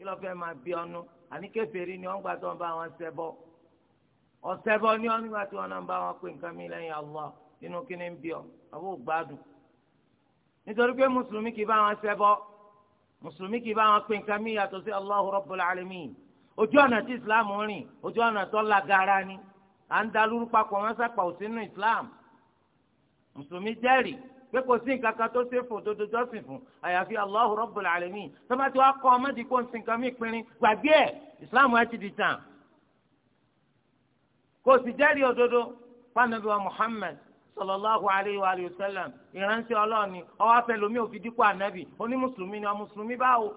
kí ló fẹ́ máa bí ọnu àní kèfèrí ni wọ́n gbà tó ń bá wọn ṣẹbọ ọ̀ṣẹbọ ni wọ́n nígbà tí wọ́n náà bá wọn pè nǹkan mi lẹ́yìn Allah inú kí ni ń bí ọ àbó gbádùn nítorí pé mùsùlùmí kì í bá wọn ṣẹbọ mùsùlùmí kì í bá wọn pè nǹkan mi yàtọ̀ sí Allahu Rabbul Alamin ojú ọ̀nà tí islam rìn ojú ọ̀nà tó lágara ni à ń dalúrú papọ̀ wọn sápà òsínú islam mùsùlùmí jẹ́rìí pé kò sí nǹkan kan tó ṣe fún tó dojú ọ̀sìn fún àyàfi Allahu Rabbul Alamin tọ́ba tí wàá kọ́ ọmọdé kó nsìn kan mí pinrin gbàgbé ẹ̀ ìsìláàmù ẹ ti di tàn kò sì jẹ́rìí òdodo fanabi wa Muhammad sallallahu alayhi wa sallam ìránṣẹ́ ọlọ́ọ̀ni ọwọ́ afẹ́lómi òfin dípò ànábì onímùsùlùmí ni ọmùsùlùmí báwo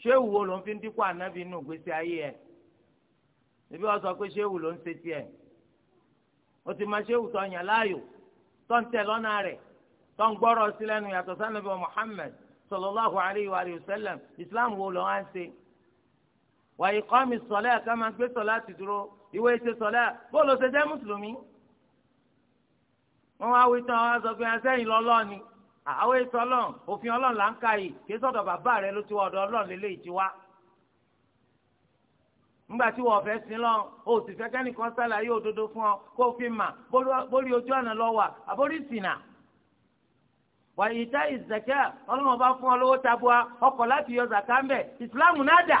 ṣéwù wo ló ń fi dípò ànábì nù gbèsè ayé ẹ̀ ẹbí wọn sọ pé ṣéwù ló ń ṣe tiẹ̀ o ti ma ṣéwù tó yàn láàyò tó ń tẹ lọ́nà rẹ̀ tó ń gbọ́rọ̀ sí lẹ́nu yàtọ̀ sanabi wa Muhammad sallallahu alayhi wa sallam islam wo ló wá ń ṣe. wà iqami sọlẹ́ ká máa gbé sọlá ti dúró ìwé ṣe sọlẹ́ bóòlù ṣe jẹ́ mùsùlùmí. wọ́n wá wí tán wọ́n sọ pé asẹ́yìn lọ́lọ́ ni àwọn ètò òfin ọlọ́run là ń ka yìí kí sọ́dọ̀ bàbá rẹ ló ti wá ọ̀dọ̀ ọlọ́run lélẹ́yìí ti wá nígbà tí wọ́n fẹ́ sin lọ o sì fẹ́ kẹ́nìkan sálàyé òdodo fún ọ kó fi mà bórí ojú ọ̀nà lọ wà àbórí sìnà. wà ìta ìzàkẹ́ ọlọ́mọ bá fún ọ lówó tabua ọkọ̀ láti yọ zàkà ń bẹ̀ ìsìláàmù náà dà.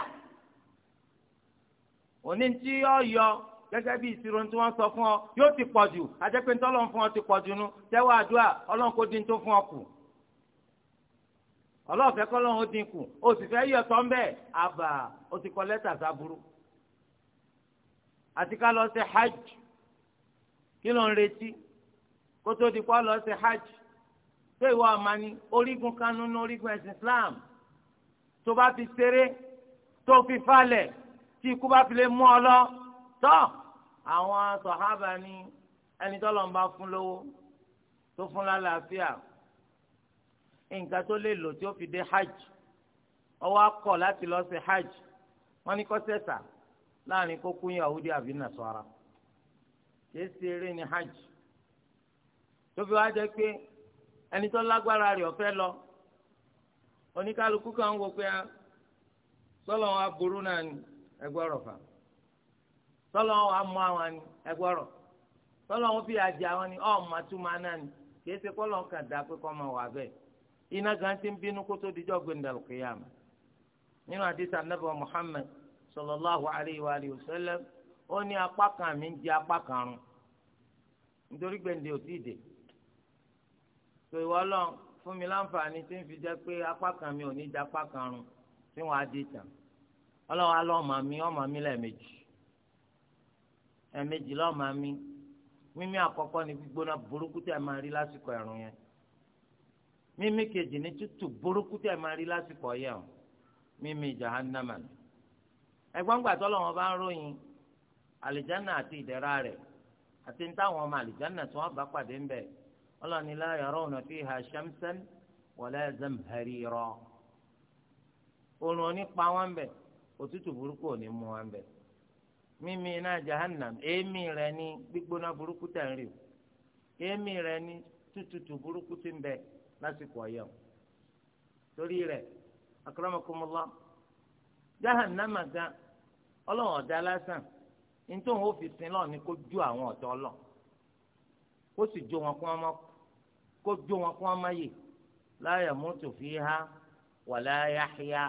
òní tí yọ yọ gẹ́gẹ́ bí ìṣirò tí wọ́n sọ fún ọ yóò ti pọ̀ jù àjẹpẹ́ tí fún ọ ti pọ̀ jù nu tẹ́wọ́ àdúrà ọlọ́run kò dín tó fún ọ kù ọlọ́ọ̀fẹ́ kọ́lọ́run ó dín kù o sì fẹ́ yọ tọ́ ń bẹ́ẹ̀ àbà o ti kọ lẹ́tà sábúrú àti ká lọ ṣe hajj kí ló ń retí kó tó di pa lọ ṣe hajj tó ìwọ àmàni orígun kanú ní orígun ẹ̀sìn Islam tó bá fi ṣeré tó fi falẹ̀ tí ikú bá fi lè mú ọ lọ tọ́ àwọn sọ̀hábà ni ẹni tọ́lọ̀ ń bá fún lówó tó fún lálàáfíà nǹkan tó lè lò tí ó fi dé hajj ọwọ́ akọ̀ láti lọ ṣe hajj wọ́n ní kọ́ sẹ́sà láàrin kókó yahudi àbí nasara kìí ṣe eré ni hajj tóbi wá jẹ pé ẹni tó lágbára rẹ̀ ọ̀fẹ́ lọ oníkàlùkù kan ń pé ah, sọlọ wọn aburú náà ni ẹgbọrọ fà sọlọ wọn amú àwọn ni ẹgbọrọ sọlọ wọn fi àjẹ àwọn ni náà ni kọlọ kan pé kọ wà iná gan ti ń bínú kó tó gbẹndàlùkìyàmù nínú àdìsá nàbẹ sallallahu alayhi wa alihi wa sallam ní apá kan mi ń di apá kan rún nítorí ò tíì dé tó ìwọ fún mi láǹfààní tí ń fi jẹ́ pé apá kan mi ò ní di apá kan rún tí wọ́n á dé tán mi ni gbígbóná burúkú tẹ̀ máa rí lásìkò ẹ̀rùn yẹn mímí kejì ni tútù burúkú tẹ̀ máa rí lásìkò mímí jahannama ẹ̀gbọ́n gbà tọ́lọ̀ wọn bá ń ròyìn àlìjánà àti ìdẹ̀ra rẹ̀ àti táwọn ọmọ àlìjánà tí wọ́n bá pàdé ń bẹ̀ ọlọ́ni la yarawna fiha shamsan wala zamharira oòrùn òní pa wọn bẹ̀ òtútù burúkú òní mú wọn bẹ̀ mímí iná jahannam èémí rẹ̀ ní gbígbóná burúkú tẹ̀ ń rì èémí ní burúkú ti ń lásìkò ọ̀yọ́ torí gan ọlọ́run ọ̀dá lásán ní tóun ó fi sin lọ́ọ̀ ni kó ju àwọn ọ̀tọ̀ lọ kó sì jó wọn kó wọn mọ kó jó wọn kó wọn má yè la yamutu fiha wala yahya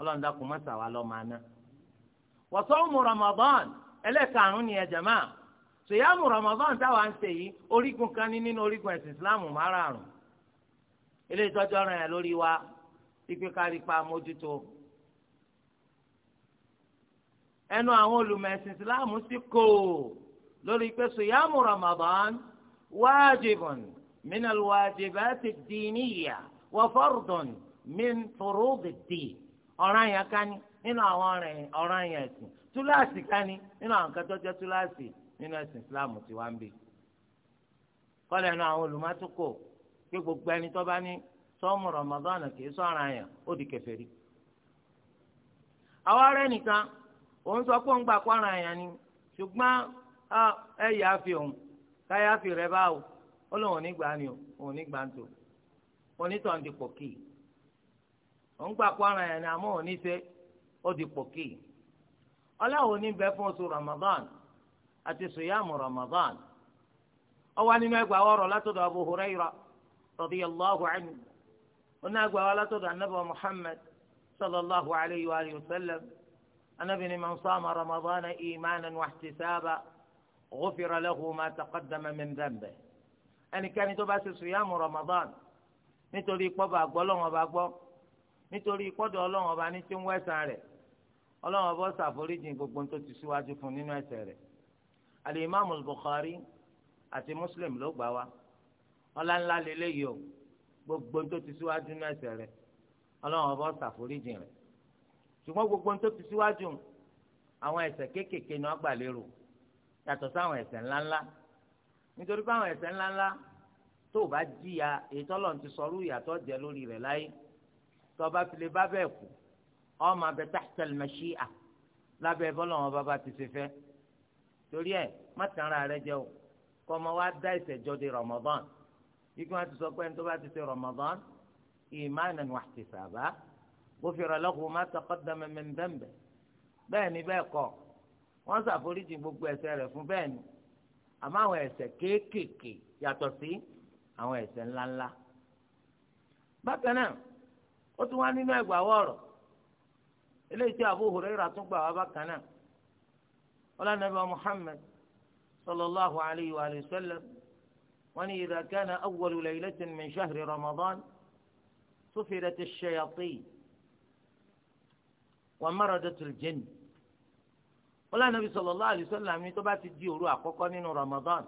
ọlọ́run dákun má sàwá lọ́ máa ná. wa sawmu Ramadan ẹlẹ́karùn-ún ni ẹ jàmá sèyámù Ramadan táwa ń ṣe yìí orígun kan ní nínú orígun ẹ̀sìn Islam márààrún ilé ìtọ́jú ọ̀ràn yẹn lórí wa ipe kárí pa mójútó ẹnu àwọn olùmẹ̀sìn ìsìláàmù sì kò lórí pé sòyàmù ramadan wájibun min alwajibati diniya wa fardun min furudi din ọ̀ràn yẹn ká ní nínú àwọn ọ̀ràn yẹn ẹ̀sìn túláàsì ká ní nínú àwọn kan tó jẹ́ túláàsì nínú ẹ̀sìn ìsìláàmù tí wá ń bì kọ́lẹ̀ ẹnu àwọn olùmọ̀tòkò pé gbogbo ẹni tó bá ní sọ́mu ramadan kì í sọ̀ràn yẹn ó di kèfèrí. àwa rẹ̀ nìkan òun sọ pé òun gbà kọ́ra àyàn ni ṣùgbọ́n ẹ yà á fi òun káyà fi rẹ báwo ó lóun ò ní gbà ni o òun ní gbà ń tò onítọ̀ ń di òun ni àmọ́ òun ní ṣe ó di ọlọ́run ní fún oṣù Ramadan àti sùyàmù Ramadan ọwọ́ nínú ọ̀rọ̀ látọ̀dọ̀ Abu Hurayra radiyallahu látọ̀dọ̀ anábọ̀ alayhi wa sallam. anabi ni man sama ramadana imanan wa ihtisaba ghufira lahu ma taqaddama min dhanbi ẹnikẹ́ni tó bá ṣe suyamu ramadan nítorí kpọ́ba gbọ́ lọ́wọ́ bá gbọ́ nítorí kpọ́dọ̀ ọlọ́wọ́ bá ní tí ń wẹ́sàn rẹ̀ ọlọ́wọ́ bá ṣàforíjìn gbogbo tó ti síwájú fún nínú ẹ̀ṣẹ̀ rẹ̀ alimami bukhari àti muslim ló gbà wá ọlá ńlá lélẹ́yìí o gbogbo tó ti síwájú nínú ẹ̀ṣẹ̀ rẹ̀ ọlọ́wọ́ bá ṣàforíjìn rẹ̀ ṣùgbọ́n gbogbo ń tó fi síwájú àwọn ẹ̀ṣẹ̀ kéékèèké ni wọ́n gbà lérò yàtọ̀ sáwọn ẹ̀ṣẹ̀ ńláńlá nítorí pé àwọn ẹ̀ṣẹ̀ ńláńlá tó o bá jìyà ètò ọlọ́run ti sọ̀rọ̀ ìyàtọ̀ jẹ lórí rẹ̀ láyé tó o bá fi lè bá bẹ́ẹ̀ kú ọmọ abẹ tahta al-mashi'a lábẹ́ bọ́lọ́wọ́n bàbá ti ṣe fẹ́ torí ẹ̀ má tàn ara rẹ jẹ o kọ́ ọmọ wa dá ìṣẹ̀jọ́ di Ramadan ikú wọn ti sọ pé ní tó bá ti ṣe Ramadan imanan wa ihtisaba غفر له ما تقدم من ذنبه bẹ́ẹ̀ ni bẹ́ẹ̀ kọ́ wọ́n ṣàforíjì gbogbo ẹ̀ṣẹ̀ rẹ̀ fún bẹ́ẹ̀ ni àmọ́ àwọn ẹ̀ṣẹ̀ kéékèèké yàtọ̀ sí àwọn ẹ̀ṣẹ̀ ńláńlá bákan náà ó tún wá nínú ẹgbàáwọ ọ̀rọ̀ eléyìí tí Abu Hurairah tún gbà wá bákan náà ọlànàbà Muhammad sallallahu alayhi wa sallam wọn ni idha kana awwalu laylatin min shahri Ramadan sufirat ash-shayatin wa maradatul jinn wọ́n Ànábì sallallahu alaihi wasallam tó bá ti di òru àkọ́kọ́ nínú Ramadan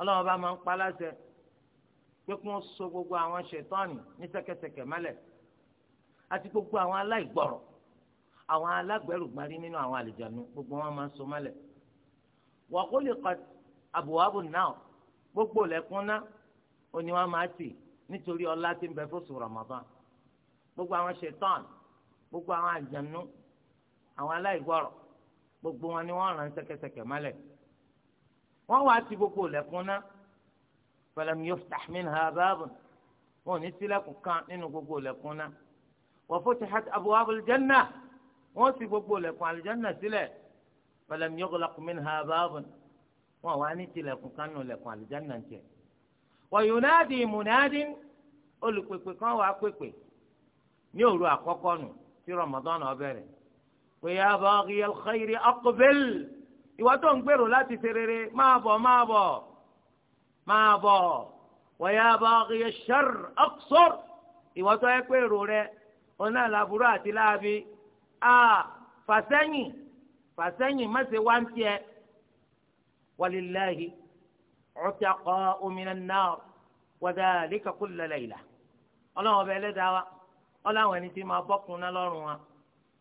ọlọ́wọ́n bá máa ń pa láṣẹ pé kí wọ́n so gbogbo àwọn ṣètọ́ọ̀nì ní ṣẹ̀kẹ̀ṣẹ̀kẹ̀ mọ́lẹ̀ àti gbogbo àwọn aláìgbọ̀rọ̀ àwọn alágbẹ̀rùgbárí nínú àwọn àlìjánu gbogbo wọn máa ń so mọ́lẹ̀ wa khuliqat abwabun nar gbogbo lẹ́kún ná òní wọn máa tì nítorí ọlá tí ń bẹ fóṣù Ramadan gbogbo àwọn ṣètọ́ọ̀nì gbogbo àwọn àjànú àwọn aláìgbọrọ gbogbo wọn ni wọn rán ṣẹ̀kẹ̀ṣẹ̀kẹ̀ mọ́lẹ̀ wọn wá ti gbogbo lẹ̀kùn náà falam yuftah minha babun wọn ò ní ṣílẹ̀kùn kan nínú gbogbo lẹ̀kùn náà wa futihat abwabul janna wọn sì gbogbo lẹ̀kùn àlùjánnà sílẹ̀ falam yughlaq minha babun wọn wá ní tilẹ̀kùn kan nínú lẹ̀kùn àlùjánnà jẹ wa yunadi munadin olùpèpè kan wà pèpè ní òru àkọ́kọ́ nù tí Ramadan ó bẹ̀rẹ̀ pé ya baghiya al-khayri aqbil ìwà tó ń gbèrò láti ṣe rere máa bọ̀ máa bọ̀ máa bọ̀ wa ya baghiya ash-sharr aqsir ìwà tó yẹ pé rò rẹ ọ̀nà làbúrò àti láàbí a fàsẹ́yìn fàsẹ́yìn má ṣe wá ń tiẹ̀ walillahi utaqa'u minan nar wa dhalika kulla layla ọlọ́run ọba wa. ọla láwọn ẹni tí máa bọ́kùn náà lọ́rùn wa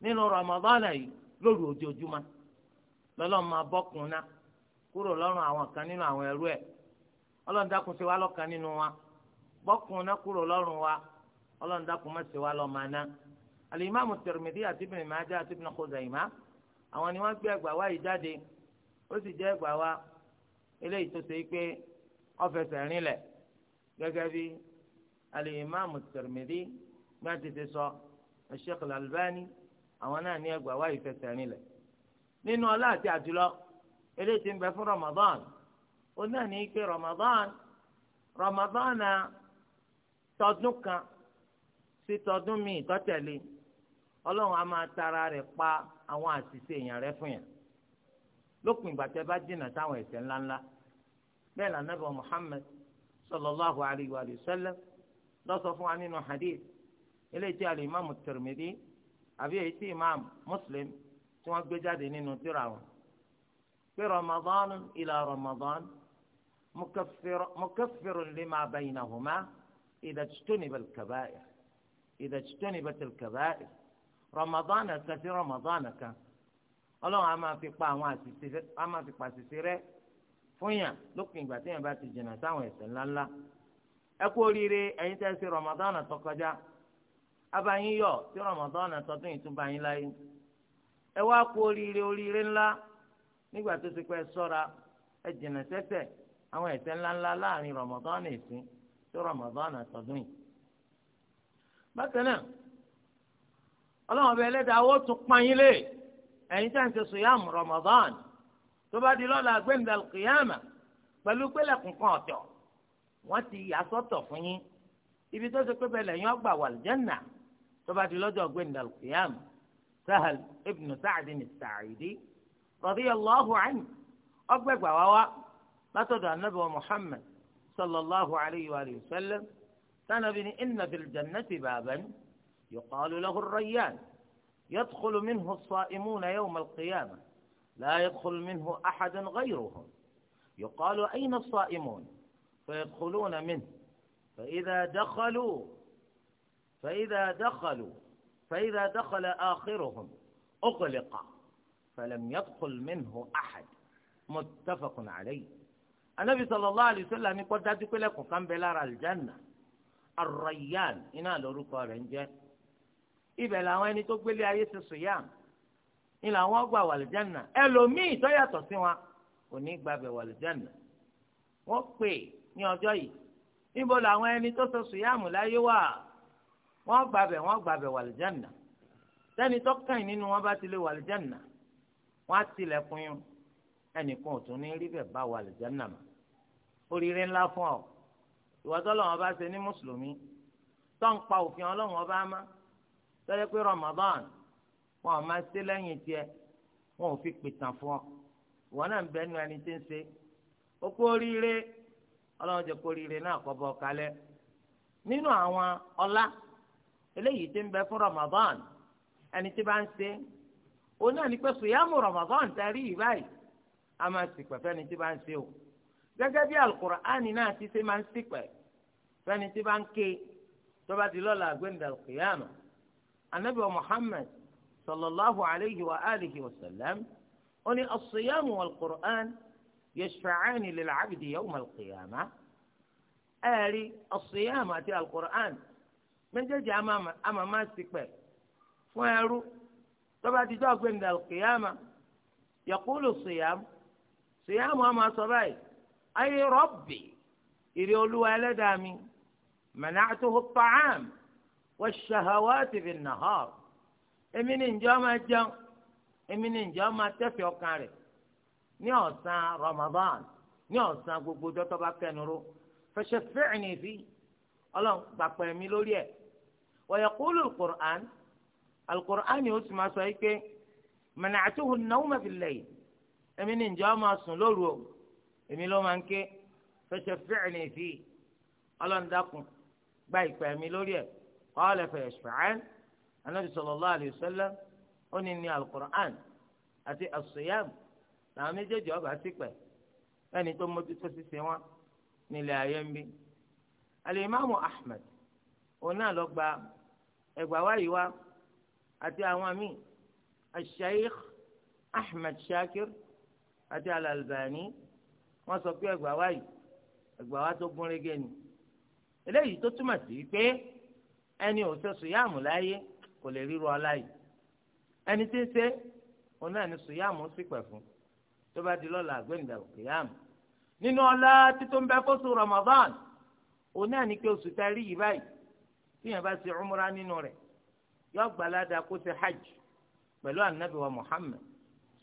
nínú rọmọdọ́nà yìí lóru ojoojúmọ́ lọ́lọ́run máa bọ́kùn náà kúrò lọ́rùn àwọn kan nínú àwọn ẹrú ẹ̀ ọlọ́run dákun ṣe wá lọ́kan nínú wa bọ́kùn náà kúrò lọ́rùn wa ọlọ́run dákun má ṣe wá náà alimami àti àti àwọn ni gbé yìí jáde ó sì eléyìí tó ṣe é bá a ti ti sọ Sheikh Al-Albani àwọn náà ní ẹgbàá wáyé fẹsẹ̀ rinlẹ̀ nínú ọlá àti àjùlọ eléyìí ti ń bẹ fún Ramadan ó náà ní pé Ramadan Ramadan tọdún kan sí tọdún míì tọ́tẹ̀lé ọlọ́run á máa tara rẹ̀ pa àwọn àṣìṣe èèyàn rẹ̀ fún yàn lópin ìgbà tẹ́ bá dènà sáwọn ẹ̀ṣẹ̀ ńláńlá bẹ́ẹ̀ l'Ànábì Muhammad sallallahu alayhi wa sallam ló sọ fún wa nínú hadith eléyìí tí alimami Tirmidhi àbí èyí tí imam Muslim tí wọ́n gbé jáde nínú tírà wọn pé Ramadan ila Ramadan mukaffirun lima baynahuma idha ijtuniba al-kaba'ir idha ijtunibat al-kaba'ir Ramadan kan sí Ramadan kan ọlọ́run a máa fi pa àwọn àṣìṣe a máa fi pàṣìṣe rẹ fún yàn lópin ìgbà téèyàn bá ti jìnnà sáwọn ẹ̀ṣẹ̀ ńláńlá ẹ kú oríire ẹ̀yin tẹ́ ṣe Ramadan tó kọjá abayin yọ tí Ramadan àtọdún yìí tún bá yín láyé ẹ wá kú oríire oríire ńlá nígbà tó ti pẹ́ ṣọ́ra ẹ jìnnà sẹ́ṣẹ̀ àwọn ẹ̀ṣẹ̀ ńláńlá láàrin Ramadan ìsìn tí Ramadan àtọdún yìí. bákan náà ọlọ́run ọba ẹlẹ́dàá ó tún pààyàn lé ẹ̀yin tí a ń ṣe sùyàm Ramadan tó bá di lọ́la gbẹ̀ndàl kìyàmà pẹ̀lú pẹ̀lẹ́kùn kan ibi tó ti pẹ́ bẹ́ẹ̀ lẹ́yìn ọgbà wàlìjẹ́nà tọ́ba ti lọ́jọ́ gbẹ̀ndà kìyàm sahal ibnu sa'ad ní sa'idi radiyallahu anhu ọgbẹ́gbà wá wá látọ̀dọ̀ anabi wa muhammad sallallahu alayhi wa sallam sanabi ni inna fil jannati baaban yuqaalu lahu rayyan yadkhul minhu as-sa'imuna yawm al-qiyamah la yadkhul minhu axadun ghayruhum yuqaalu ayna as-sa'imun fayadkhuluna minhu فإذا دخلوا فإذا دخلوا فإذا دخل آخرهم أغلق فلم يدخل منه أحد متفق عليه النبي صلى الله عليه وسلم يقول ذات لكم كم بلار الجنة الريان إنا لوركو رنجة ibẹ̀ làwọn ẹni tó gbélé ayé ti sùyàm ni làwọn gba wàlìjánà ẹlòmíì tó yàtọ̀ sí wọn kò ní gbàbẹ̀ wàlìjánà wọ́n pè ní ọjọ́ yìí níbo làwọn ẹni tó sọ sùyàmù láyé wà wọ́n gbàbẹ̀ wọ́n gbàbẹ̀ wàlìjánà sẹ́ni tọ́kàn nínú wọn bá ti lé wàlìjánà wọ́n á tilẹ̀kùn yín ẹnìkan ò tún ní rí bẹ̀ bá wàlìjánà mọ́ oríire ńlá fún ọ ìwọ́tọ́ lọ́wọ́ bá ṣe ní mùsùlùmí tó òfin ọlọ́wọ́ bá má tọ́jọ́ pé Ramadan wọn ò máa ṣe lẹ́yìn tiẹ̀ wọn ò fi pìtàn fún ọ ìwọ náà ń bẹ nu ẹni tí ń ṣe ó kó oríire ọlọ́run jẹ́ kó oríire náà kọ́ bọ́ kalẹ̀ nínú àwọn ọlá eléyìí tí ń bẹ fún Ramadan ẹni tí bá ń ṣe ó náà ní pé sùyàmù Ramadan ta rí ìbáyìí a máa sì pẹ̀ fẹ́ni tí bá ń ṣe o gẹ́gẹ́ bí alukur'ani náà ti ṣe máa ń sì pẹ̀ fẹ́ni tí bá ń ké tó bá di lọ́la kìyàmù anabi wa Muhammad sallallahu alayhi wa alihi wa sallam ó ní as-siyamu wal-Qur'an yashfa'ani lil-'abdi yawma al àti alukur'ani. méjèèjì àmà máa sì pẹ̀ fún ẹrú tọ́ba ti jọ́ ọ̀gbìn dàlùkìyàmà yaqulu siyam siyam àmà sọ báyìí ayé rọ́bì ìrì olúwa ẹlẹ́dàá mi mana'tuhu at-ta'am wash-shahawati bin-nahar èmi ní ǹjẹ́ ọmọ jẹun èmi ni ǹjẹ́ ọmọ tẹ́fẹ̀ẹ́ ọkàn rẹ̀ ní ọ̀sán Ramadan ní ọ̀sán gbogbo dọ́tọ́ bá fẹsẹ̀ fẹ́ẹ̀ ní ọlọ́run pàpẹ́ mi lórí ẹ̀ ويقول القرآن القرآن يسمى سايك منعته النوم في الليل أمين إن جاء ما أمين لو منك فشفعني فيه ألا نداكم بايك فأمين لوريا قال فيشفعان النبي صلى الله عليه وسلم أنني القرآن أتي الصيام نعم méjèèjì ọba sípẹ ẹni tó mójútó ṣíṣe wọn nílẹ̀ ayé ń bí. alimami ẹgbà wáyé wa àti àwọn míì ashaykh ahmed shakir àti alalbani wọ́n sọ pé ẹgbà wáyé ẹgbà wá tó gúnrégé ni eléyìí tó túmọ̀ sí pé ẹni ò ṣe sùyàmù láyé kò lè ríro ọlá yìí ẹni tí ń ṣe òun náà ni sùyàmù sì pẹ̀ fún tó bá di lọ́la àgbẹ̀ǹdà òkèyàmù nínú ọlá títún bẹ fóṣù ramadan òun náà ni pé oṣù tá rí yìí báyìí tí yẹn bá ṣe umra nínú rẹ̀ yọ gbalada kó ṣe hajj pẹ̀lú anabi wa muhammed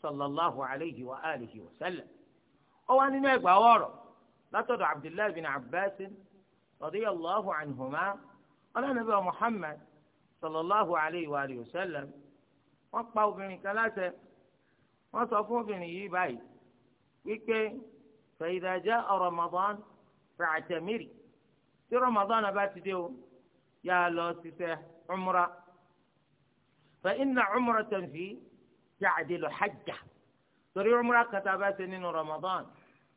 sallallahu alayhi wa alihi wa sallam ó wá nínú ẹgbà wọ̀rọ̀ látọ̀dọ̀ abdullahi bin abbas radiyallahu anhuma ọlọ́nàbí wa muhammed sallallahu alayhi wa alihi wa sallam wọ́n pa obìnrin kan láṣẹ wọ́n sọ fún obìnrin yìí báyìí wípé fa idha ja'a ramadan fa'tamiri tí ramadan bá ti dé o. يا لو سيسه عمرة فإن عمرة في تعدل حجة تري عمرة كتابات من رمضان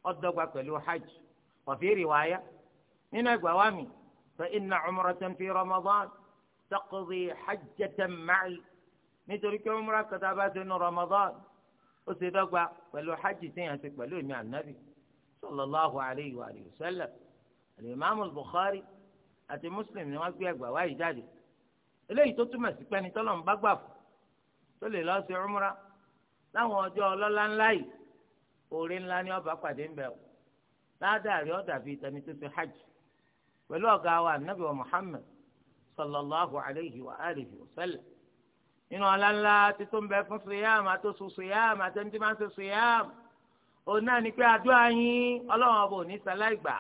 أدقك له حج وفي رواية من قوامي فإن عمرة في رمضان تقضي حجة معي نترك عمرة كتابات من رمضان أصدقك ولو حج سيئتك ولو النبي صلى الله عليه وآله وسلم الإمام البخاري àti muslim ni wọ́n gbé ẹgbàá wáyé jáde eléyìí tó túmọ̀ sí pẹ́ni tọ́lọ́run bá gbà fún tó lè lọ́ọ́ sí umra láwọn ọjọ́ ọlọ́lá ńlá yìí oore ńlá ni ọba pàdé ń bẹ̀ ọ́ ládàrí ọ̀dà bíi tẹni tó ti hajj pẹ̀lú ọ̀gá wa nabi wa muhammed sallallahu alayhi wa alihi wa sallam nínú ọlá ńlá títún bẹ fún siyam àtòsù siyam àtẹnudí máa ń ṣe siyam òun náà ni pé àdúrà yín ọlọ́run ọba ò ní sáláì gbà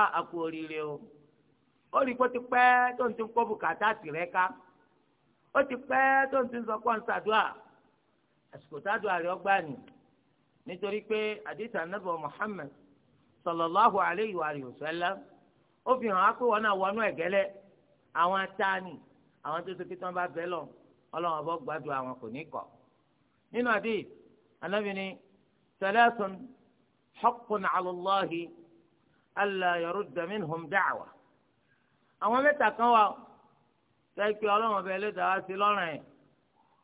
á àkú oríire o ó rí i pé ó ti pẹ́ tó ń ti kó bùkátà tìrẹ́ ká ó ti pẹ́ tó ń ti sọ pé ń ṣàdúrà àsìkò sàdúrà rẹ̀ ọgbà ni nítorí pé àdìsá nàbọ̀ Muhammad sallallahu alayhi wa sallam ó fi hàn á pé wọn náà wọnú ẹ̀gẹ́lẹ́ àwọn atáni àwọn tó sọkè tí bá bẹ lọ Ọlọ́run ọbọ gbàdúrà àwọn kò ní kọ nínú àdé anábìíní salasun haqqun ala Allahi alla yarudda minhum àwọn mẹ́ta kan wà sẹ́kì ọlọ́run ọbẹ̀ ló dáwà sí lọ́rùn ẹ̀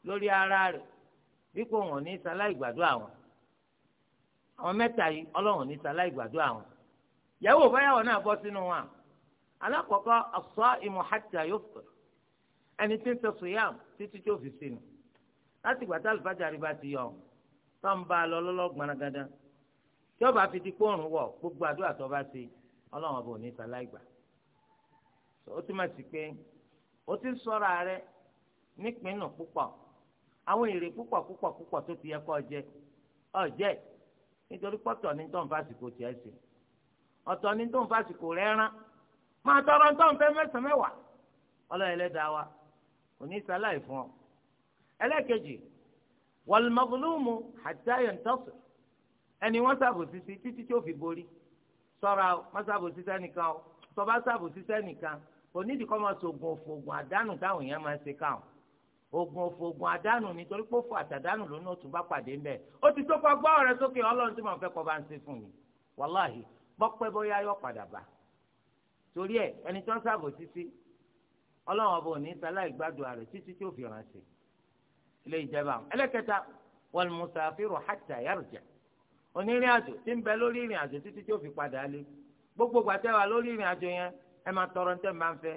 lórí ara rẹ̀ bí kò wọ́n ní sáláì gbàdúrà wọn àwọn mẹ́ta yìí ọlọ́run ní sáláì gbàdúrà wọn yàwó báyàwó náà bọ́ sínú wọn alákọ̀ọ́kọ́ as-sā'imu ḥattā yufṭir ẹni tí ń sọ sùyàm títí tó fi sínú láti gbàtà àlùfáàjàrí bá ti yọ tó ń bá a lọ lọ́lọ́ gbanagada tí ó bá fi di kóòrùn wọ̀ gbogbo àdúrà tó bá ti ọlọ́run ọba ò ní sáláì ó túmọ̀ sí pé ó ti sọ̀rọ̀ rẹ nípinnu púpọ̀ àwọn èrè púpọ̀ púpọ̀ púpọ̀ tó ti yẹ kó jẹ ọ̀jẹ́ nítorí pọ̀tọ̀ ní tó ń fásitì tiẹ̀ sí ọ̀tọ̀ ní tó ń fásitì rẹ̀ rán máa tọrọ tó ń fẹ́ mẹ́sàn-án mẹ́wàá ọlọ́run ẹlẹ́dàá wa kò ní sáláì fún ọ. ẹlẹ́kejì wàlùmọ́gùlùmù àjáyọ̀ ń ẹni wọ́n ṣàbòsí sí títí tó fi borí sọ́ra wọ́n sẹ́nìkan onídìí kọ́ máa sògùn òfògùn àdánù táwọn èèyàn máa ń ṣe káwọn ogun òfògùn àdánù nítorí pé òfò àtàdánù ló ní òtún bá pàdé ń bẹ ó ti tó kọ́ gbọ́ ọ̀rẹ́ sókè ọlọ́run tí màá fẹ́ kọ́ bá ń ṣe fún mi wàláhì bọ́pẹ́ bóyá yọ padà bá torí ẹ ẹni tó ń ṣàbò títí ọlọ́run ọba òní sáláì gbádùn ààrẹ títí tí ó fi ránṣẹ́ ilé ìjẹba ẹlẹ́kẹta wal musafiru hatta yarja onírìn àjò tí ń bẹ lórí ìrìn àjò títí tí ó fi padà lé gbogbo gbàtẹ́wà lórí ìrìn àjò yẹn ẹ máa tọrọ ní tẹ́lẹ̀ máa ń fẹ́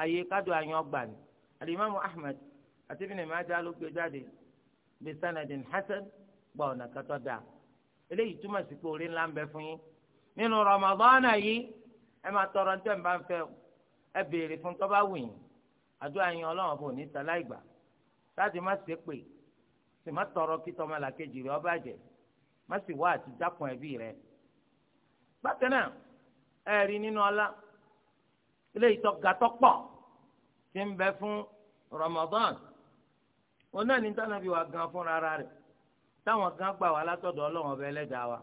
àyè kájọ àyàn ọgbà ni alimami ahmed àti ibn Majah ló gbé jáde bí sanadin hasan gba ọ̀nà kẹtọ́ dáa eléyìí túmọ̀ sí pé orí ńlá ń bẹ fún yín nínú Ramadan yìí ẹ máa tọrọ ní tẹ́lẹ̀ máa ń fẹ́ ẹ béèrè fún tó bá wù yín àdúrà yín ọlọ́run bò ní láti má ṣe pé sì má tọrọ kí tọmọlàkejì rẹ ó bàjẹ́ má sì wá àti dákun ẹbí rẹ bákan náà ẹ rí nínú ọlá ilé ìtọ́ga tọ́pọ̀ ti ń bẹ fún Ramadan òun náà ní tánàbí wa gan fúnra rẹ̀ táwọn gan gbà wá látọ̀dọ̀ Ọlọ́run ọbẹ̀ ẹlẹ́dàá wa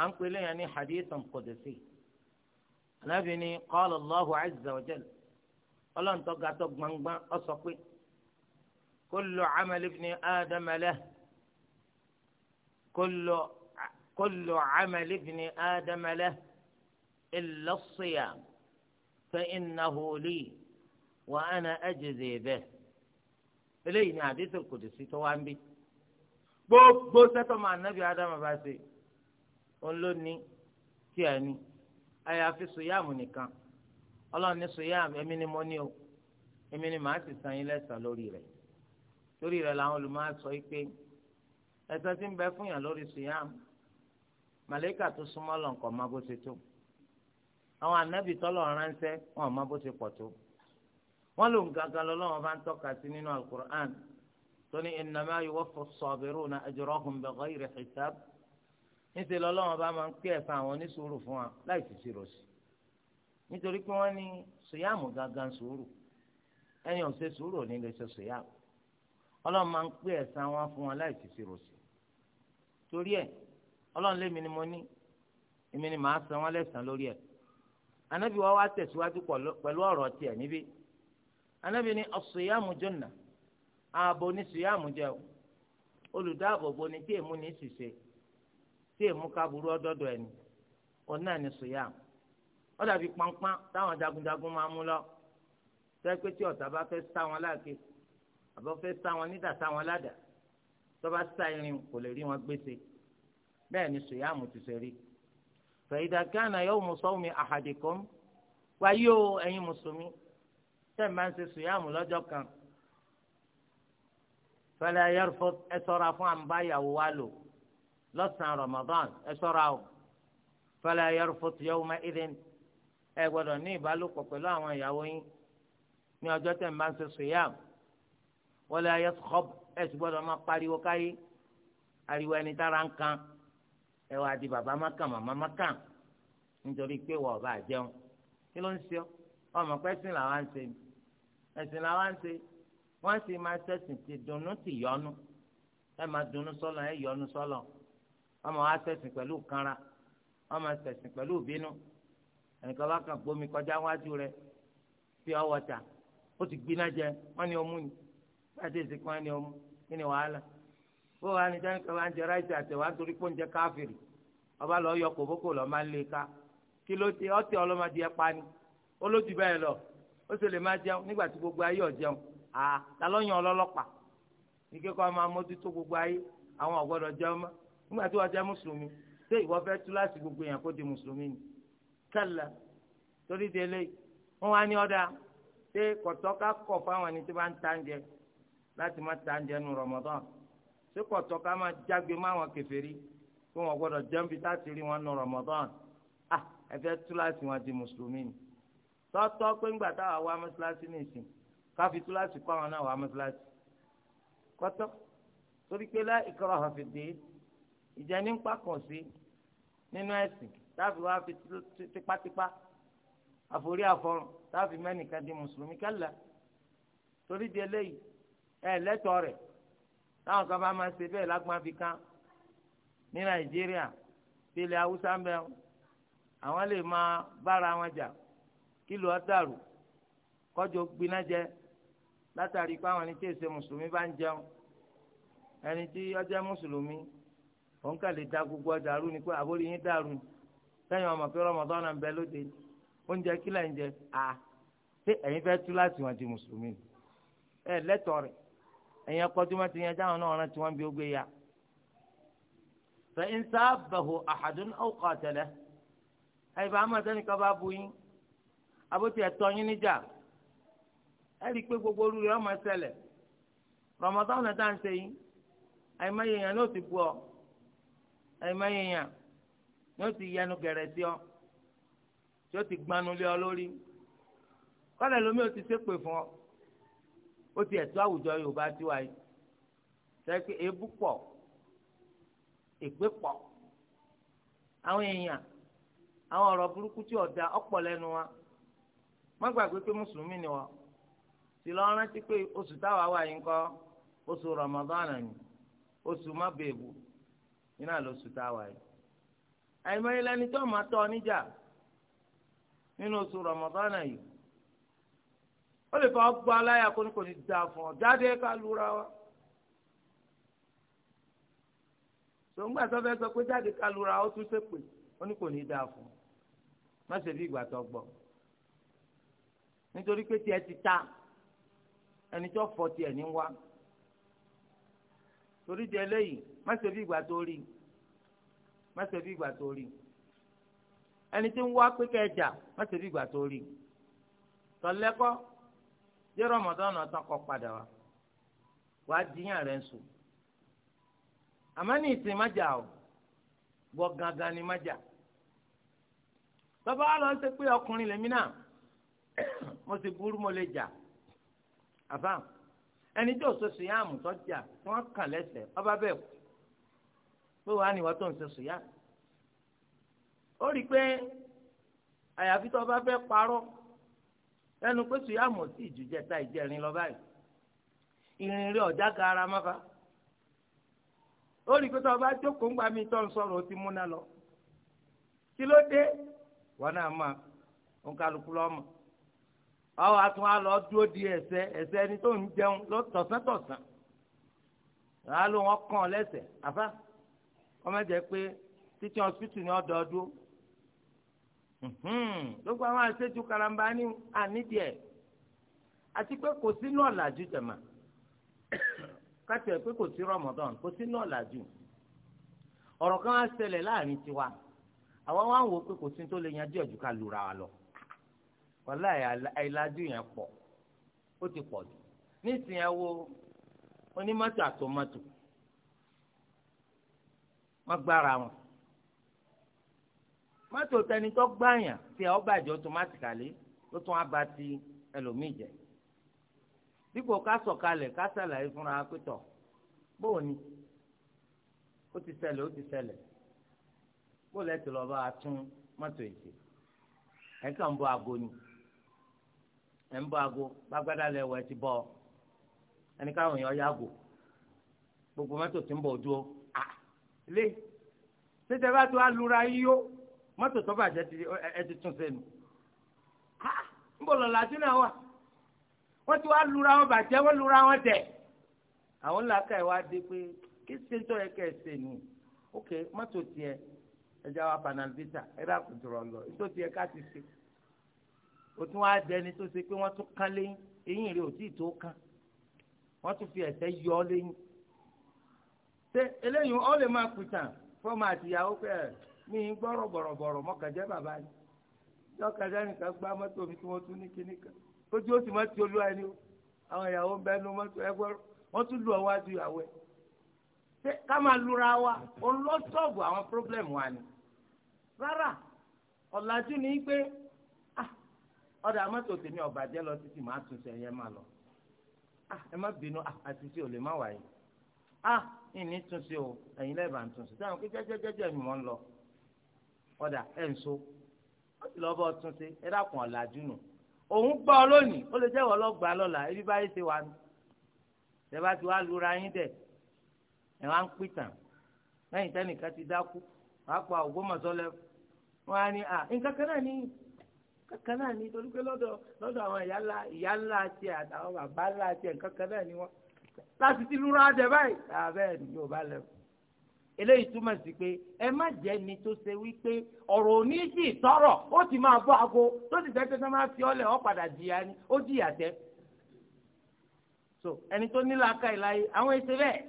à ń pè léyìn ní hadithan qudsi anabi ni qala Allahu azza wa jalla Ọlọ́run tó ga tó gbangban ó sọ pé kullu amali ibni adama lahu kullu kullu amali ibni adama lahu فإنه لي وأنا أجزي به eléyìí ni àdéhùn kòdìsí tó wá ń bí gbogbo sẹ́tọ̀mù ànábì ádámù bá ṣe òun ló ní tí ẹ̀ ní àyàfi sòyàmù nìkan ọlọ́run ní sòyàmù èmi ni mo ní o èmi ni màá sì san yín lẹ́sàn-án lórí rẹ̀ lórí rẹ̀ làwọn olùmọ̀ sọ àwọn ànábì tọ́lọ̀ ránṣẹ́ wọn ò mọ bó ṣe pọ̀ tó wọn lòun gangan lọ́lọ́wọ́n bá ń tọ́ka sí nínú alukur'an tó ní innama yuwaffa as-sabiruna ajrahum bighayri hisab níṣẹ́ lọ́lọ́wọ́n bá máa ń pè ẹ̀fọn àwọn oníṣòro fún wa láì sì ṣe rọ̀ṣì nítorí pé wọ́n ní sòyàmù gangan sòrò ẹ̀yìn ò sòrò ní ṣe sòyàmù ọlọ́run máa ń pè ẹ̀san wọn fún wọn láì sì ṣe rọ̀ṣì torí ẹ̀ ọlọ́run lémi ni mo ní èmi ni màá san wọn lẹ́san lórí ẹ̀ anabi wa wá tẹ̀síwájú pẹ̀lú ọ̀rọ̀ tiẹ̀ níbí anabi ni ọ̀sùnyàmù jọ̀nà ààbò ní sùnyàmù jẹ́ o olùdáàbòbò ni tí èmu ní ṣìṣe tí èmu kaburú ọdọ́dọ̀ ẹni òun náà ni sùnyàmù ó dàbí pọnpọ́n táwọn jagunjagun máa mú lọ sẹ́pẹ́ tí ọ̀tá bá fẹ́ sá wọn láàké àbọ̀ fẹ́ sá wọn nídà sá wọn ládàá tó sá irin kò lè rí wọn gbèsè bẹ́ẹ̀ ni sùnyàmù ti ṣe rí fẹ̀yìdà gánà yóò mú sọ́wọ́mi àhàdìkọ́m wáyé o ẹ̀yin mùsùlùmí tẹ̀ máa ń ṣe sùyàmù lọ́jọ́ kan fẹlẹ ayẹrùfọ ẹ ṣọ́ra fún àǹbáyàwó wa lò lọ́sàn-án Ramadan ẹ ṣọ́ra o fẹlẹ ayẹrùfọ tìyẹwò má ìdín ẹ gbọ́dọ̀ ní ìbálòpọ̀ pẹ̀lú àwọn ìyàwó yín ní ọjọ́ tẹ̀ máa ń ṣe sùyàmù wọlé ayẹsọkọ ẹ sì gbọ́dọ̀ máa pariwo káyé ariwo ẹni tára ń kan ẹ wá di bàbá mákàn màmá mákàn nítorí pé wọ́n ọba àjẹun kí ló ń ṣe ọ́ ọmọ pẹ́sìn làwọn ń ṣe ẹ̀sìn làwọn ń ṣe wọ́n sì máa ṣẹ̀sìn ti dunnú ti yọnu ẹ máa dunnú sọ́lọ̀ ẹ yọnu sọ́lọ̀ ọmọ wa ṣẹ̀sìn pẹ̀lú kanra ọmọ ṣẹ̀sìn pẹ̀lú bínú ẹnìkan bá kàn gbomi kọjá wájú rẹ fi ọwọ́ ta ó ti gbiná jẹ wọ́n ní ọmú ni bá ti sìn kí wọ́n ọmú kí ni wàhálà bó wa ni sani kaba ń jẹ ráìsì àtẹwà nítorí pé ń jẹ káfíìrì ọba lọ yọ kòbókò lọ máa ń lé ká kí ló ti ọtí ọlọmọdé ẹ pani ó ló ti bẹ́ẹ̀ lọ ó sì lè má jẹun nígbà tí gbogbo ayé ọ̀ jẹun à lálọ́yìn ọlọ́lọ́pàá ní kíkọ́ máa mójútó gbogbo ayé àwọn ọ̀gbọ́dọ̀ jẹun mọ́ nígbà tí wọ́n jẹ́ mùsùlùmí ṣé ìwọ fẹ́ tú láti gbogbo èèyàn kó di mùsùlùmí ni kálá torí Ramadan ṣé kò tọ́ ká máa jágbe mọ́ àwọn kèfèrí kí wọ́n gbọ́dọ̀ jẹun bí tá a ti rí wọn nù Ramadan ah ẹ fẹ́ túláàsì wọn di mùsùlùmí ni tọ́tọ́ pé ńgbà táwa wá mọ́ṣáláṣí nìsín ká fi túláàsì kọ́ àwọn náà wá mọ́ṣáláṣí kọ́tọ́ torí pé lá ikraha fi dé ìjẹ́ ní pákàn sí nínú ẹ̀sìn táàfin wá fi tipátipá àforí àfọrùn táàfin mẹ́nìkan di mùsùlùmí kẹ́lẹ́ torí di eléyìí ẹ̀ lẹ́tọ̀ọ́ rẹ̀ táwọn kan bá máa ṣe bẹ́ẹ̀ lágbọ́n fi kán ní nàìjíríà tilẹ̀ haúsá ń bẹ àwọn lè máa bára wọn jà kílò ọ̀dàrú kọjọ gbiná jẹ látàrí pé àwọn ẹni tí èsè mùsùlùmí bá ń jẹun ẹni tí ọjọ́ mùsùlùmí òun kà lè da gbogbo ọ̀dàrú ni pé àbórí yín dàrú sẹ́yìn ọmọ pé rọmọdán náà ń bẹ lóde oúnjẹ kílẹ̀ ń jẹ à ṣé ẹ̀yin fẹ́ tú láti wọn di mùsùlùmí ẹ lẹ́tọ̀ọ́ rẹ̀ ẹ̀yin akọ́júmọ́ ti yan táwọn náà rántí wọn bí ó gbé ya. fẹ̀yìn sábàbò àhàdùn ọ̀kọ̀ àtẹ̀lẹ́ àyíbá amọ̀tẹ́ni kan bá bu yín abótí ẹ̀tọ́ yín níjà ẹ̀ rí i pé gbogbo olú rẹ̀ ọmọ ẹsẹ̀lẹ̀ rọmọdán náà dáhùn ṣe yín àyìnmáyé yẹn ló ti bu ọ àyìnmáyé yẹn ló ti yanu gẹ̀rẹ̀ sí ọ tí ó ti gbanu ọ lórí kọ́lẹ̀ lómi ò ti ṣépè fún ọ. ó ti ẹ̀tọ́ àwùjọ yorùbá tí wà yìí sẹ́yìn pé èébú pọ̀ èpè pọ̀ àwọn èèyàn àwọn ọ̀rọ̀ burúkú tí ọ̀dà ọ̀pọ̀ lẹ́nu wa má gbàgbé pé mùsùlùmí ni wọ́n sì lọ rántí pé oṣù táwa wà yìí kọ́ oṣù Ramadan ni oṣù má osu iná lóṣù táwa yìí àìmọye lẹni tó máa tọ́ níjà nínú Ramadan yìí ó lè fà gbọ́ aláya kó ní kò ní da fún ọ jáde ká lura wa sọ̀ngbà tó fẹ́ sọ pé jáde ká lura ó tún ṣépè ó ní kò ní da fún ọ má ṣe fi ìgbà tó gbọ́ nítorí pé tiẹ̀ ti ta ẹni tó fọ tiẹ̀ ní wá torí di eléyìí má ṣe fi ìgbà tó rí má ṣe fi ìgbà tó rí ẹni tí ń wá pé kẹjà má ṣe fi ìgbà tó rí tọ̀lẹ́kọ́ jẹ́ rọmọdán náà tán kọ́ padà wá wàá díyàn rẹ̀ ń sùn àmọ́ ní ìsìn májà o wọ́ gangan ni májà tọ́ba lọ ṣe pé ọkùnrin lèmi náà mo sì burú mo lè jà àbá ẹni tí òṣè sùyàmù tó jà tí wọ́n kàn lẹ́sẹ̀ ọba bẹ́ẹ̀ kú pé wàá ní wọ́n tó ń ṣe sùyàmù ó rí i pé àyàfi tó bá parọ́ lẹ́nu pé sùyàmù sí ìjùjẹta ìjẹrin lọ báyìí ìrìn rí ọ̀já ka ara ó rí o bá jókòó mi tó ń sọ̀rọ̀ ó ti múná lọ kí ló dé wọn náà máa ń kálukú lọ́mọ àwọn àtún wa di ẹsẹ̀ ẹsẹ̀ ẹni tó ń jẹun lọ tọ̀sán tọ̀sán àá ló wọn kàn lẹ́sẹ̀ àfa ọmọ jẹ pé títí hospital ni ọdọọdún gbogbo àwọn àṣejù karamba ni ànídìẹ àti pé kò sínú ọ̀làjú jẹ̀mà kátìẹ̀ pé kò sí kò sínú ọ̀làjú ọ̀rọ̀ kan á ṣẹlẹ̀ láàrin tiwa àwa wá ń wò pé kò sí tó lè yanjú ẹ̀jú ká lura wa lọ wàlá àìlájú yẹn pọ̀ ó ti pọ̀ jù nísìnyẹ wo onímọ́tò àtọ́mọ́tò wọ́n gbára wọn mọ́tò tẹni tó gbààyàn tí ẹ ọgbàjọ́ automatically ló tún á ba ti ẹlòmíì jẹ dípò ká sọ̀kalẹ̀ ká sàlàyé fúnra pẹ́tọ̀ bóò ni ó ti ṣẹlẹ̀ ó ti ṣẹlẹ̀ bóò lẹ́tì lọ́ọ́ bá a tún mọ́tò èsì ẹ̀ kàn ń bọ aago ni ẹ̀ ń bọ aago gbàgbádà lẹ́wọ̀ ẹ̀ ti bọ̀ ẹni káwọn èèyàn yàgò gbogbo mọ́tò ti ń bọ̀ dúró à lé tètè bá tó a lura yíyó mọ́tò tó bàjẹ́ ẹ ti tún sẹ́nu ń bọ̀ lọ́la sí náà wà wọ́n ti wá lura wọn bàjẹ́ wọ́n lura wọn tẹ̀ àwọn làákà ẹ̀ wá dé pé kí sèǹtọ̀ yẹ kẹ́ ẹ sẹ́nu ok mọ́tò tiẹ̀ ẹja wa panalvita ẹdá kùtùrọ̀ lọ ètò tiẹ̀ ká ti ṣe o tún wá dẹni tó ṣe pé wọ́n tún kán lẹ́yìn eyín rẹ̀ ò tí ì tó kán wọ́n tún fi ẹ̀sẹ̀ yọ lẹ́yìn ṣé eléyìí ó lè máa kùtà fọ́ọ̀mù àtìyàwó pẹ́ẹ́ mi gbọ́rọ̀ gbọ̀rọ̀gbọ̀rọ̀ mọ́kànjẹ́ ọ ni lọ́kànjẹ́ nìkan gbá mọ́tò mi tí wọ́n tún ní kíní kan ojú ó sì mọ́ ti olú ẹni o àwọn ìyàwó ń bẹnu mọ́tò wọ́n tún lu ọwọ́ adú lura wa ah, lọ àwọn tèmi títí ah má bínú ah, ò lè má wáyé ah, ìní o ń lọ ọ̀dà ẹ̀ ń so ó sì lọ́ bọ́ ọtún sí ẹ dákun ọ̀làjú nù òun gbọ́ ọ lónìí ó lè jẹ́wọ́ lọ́gbàá lọ́la ebi báyìí ṣe wà nù tẹ́bá ti wá lura yín dẹ̀ ẹ̀ wá ń pìtàn lẹ́yìn tẹ́nìkan ti dákú wàá pa ògbómọ̀ṣọ́ lẹ́fù wọ́n á ní à nǹkan kan náà ní kankan náà ní torí pé lọ́dọ̀ lọ́dọ̀ àwọn ìyá ńlá ìyá ńlá ti àtàwọn bàbá ńlá ti nǹkan kan náà ní wọ́n láti ti lura dẹ̀ báyìí àbẹ́ẹ̀ ni yóò bá lẹ́fù eléyìí túmọ̀ sí pé ẹ má jẹ́ ni tó ṣe wípé ọ̀rọ̀ òní sì ó ago tó ti tẹ́tẹ́ tó máa fi ọlẹ̀ ọ́ padà jìyà ni ó jìyà tẹ́. so ẹni tó nílò aka ìláyé àwọn èsè bẹ́ẹ̀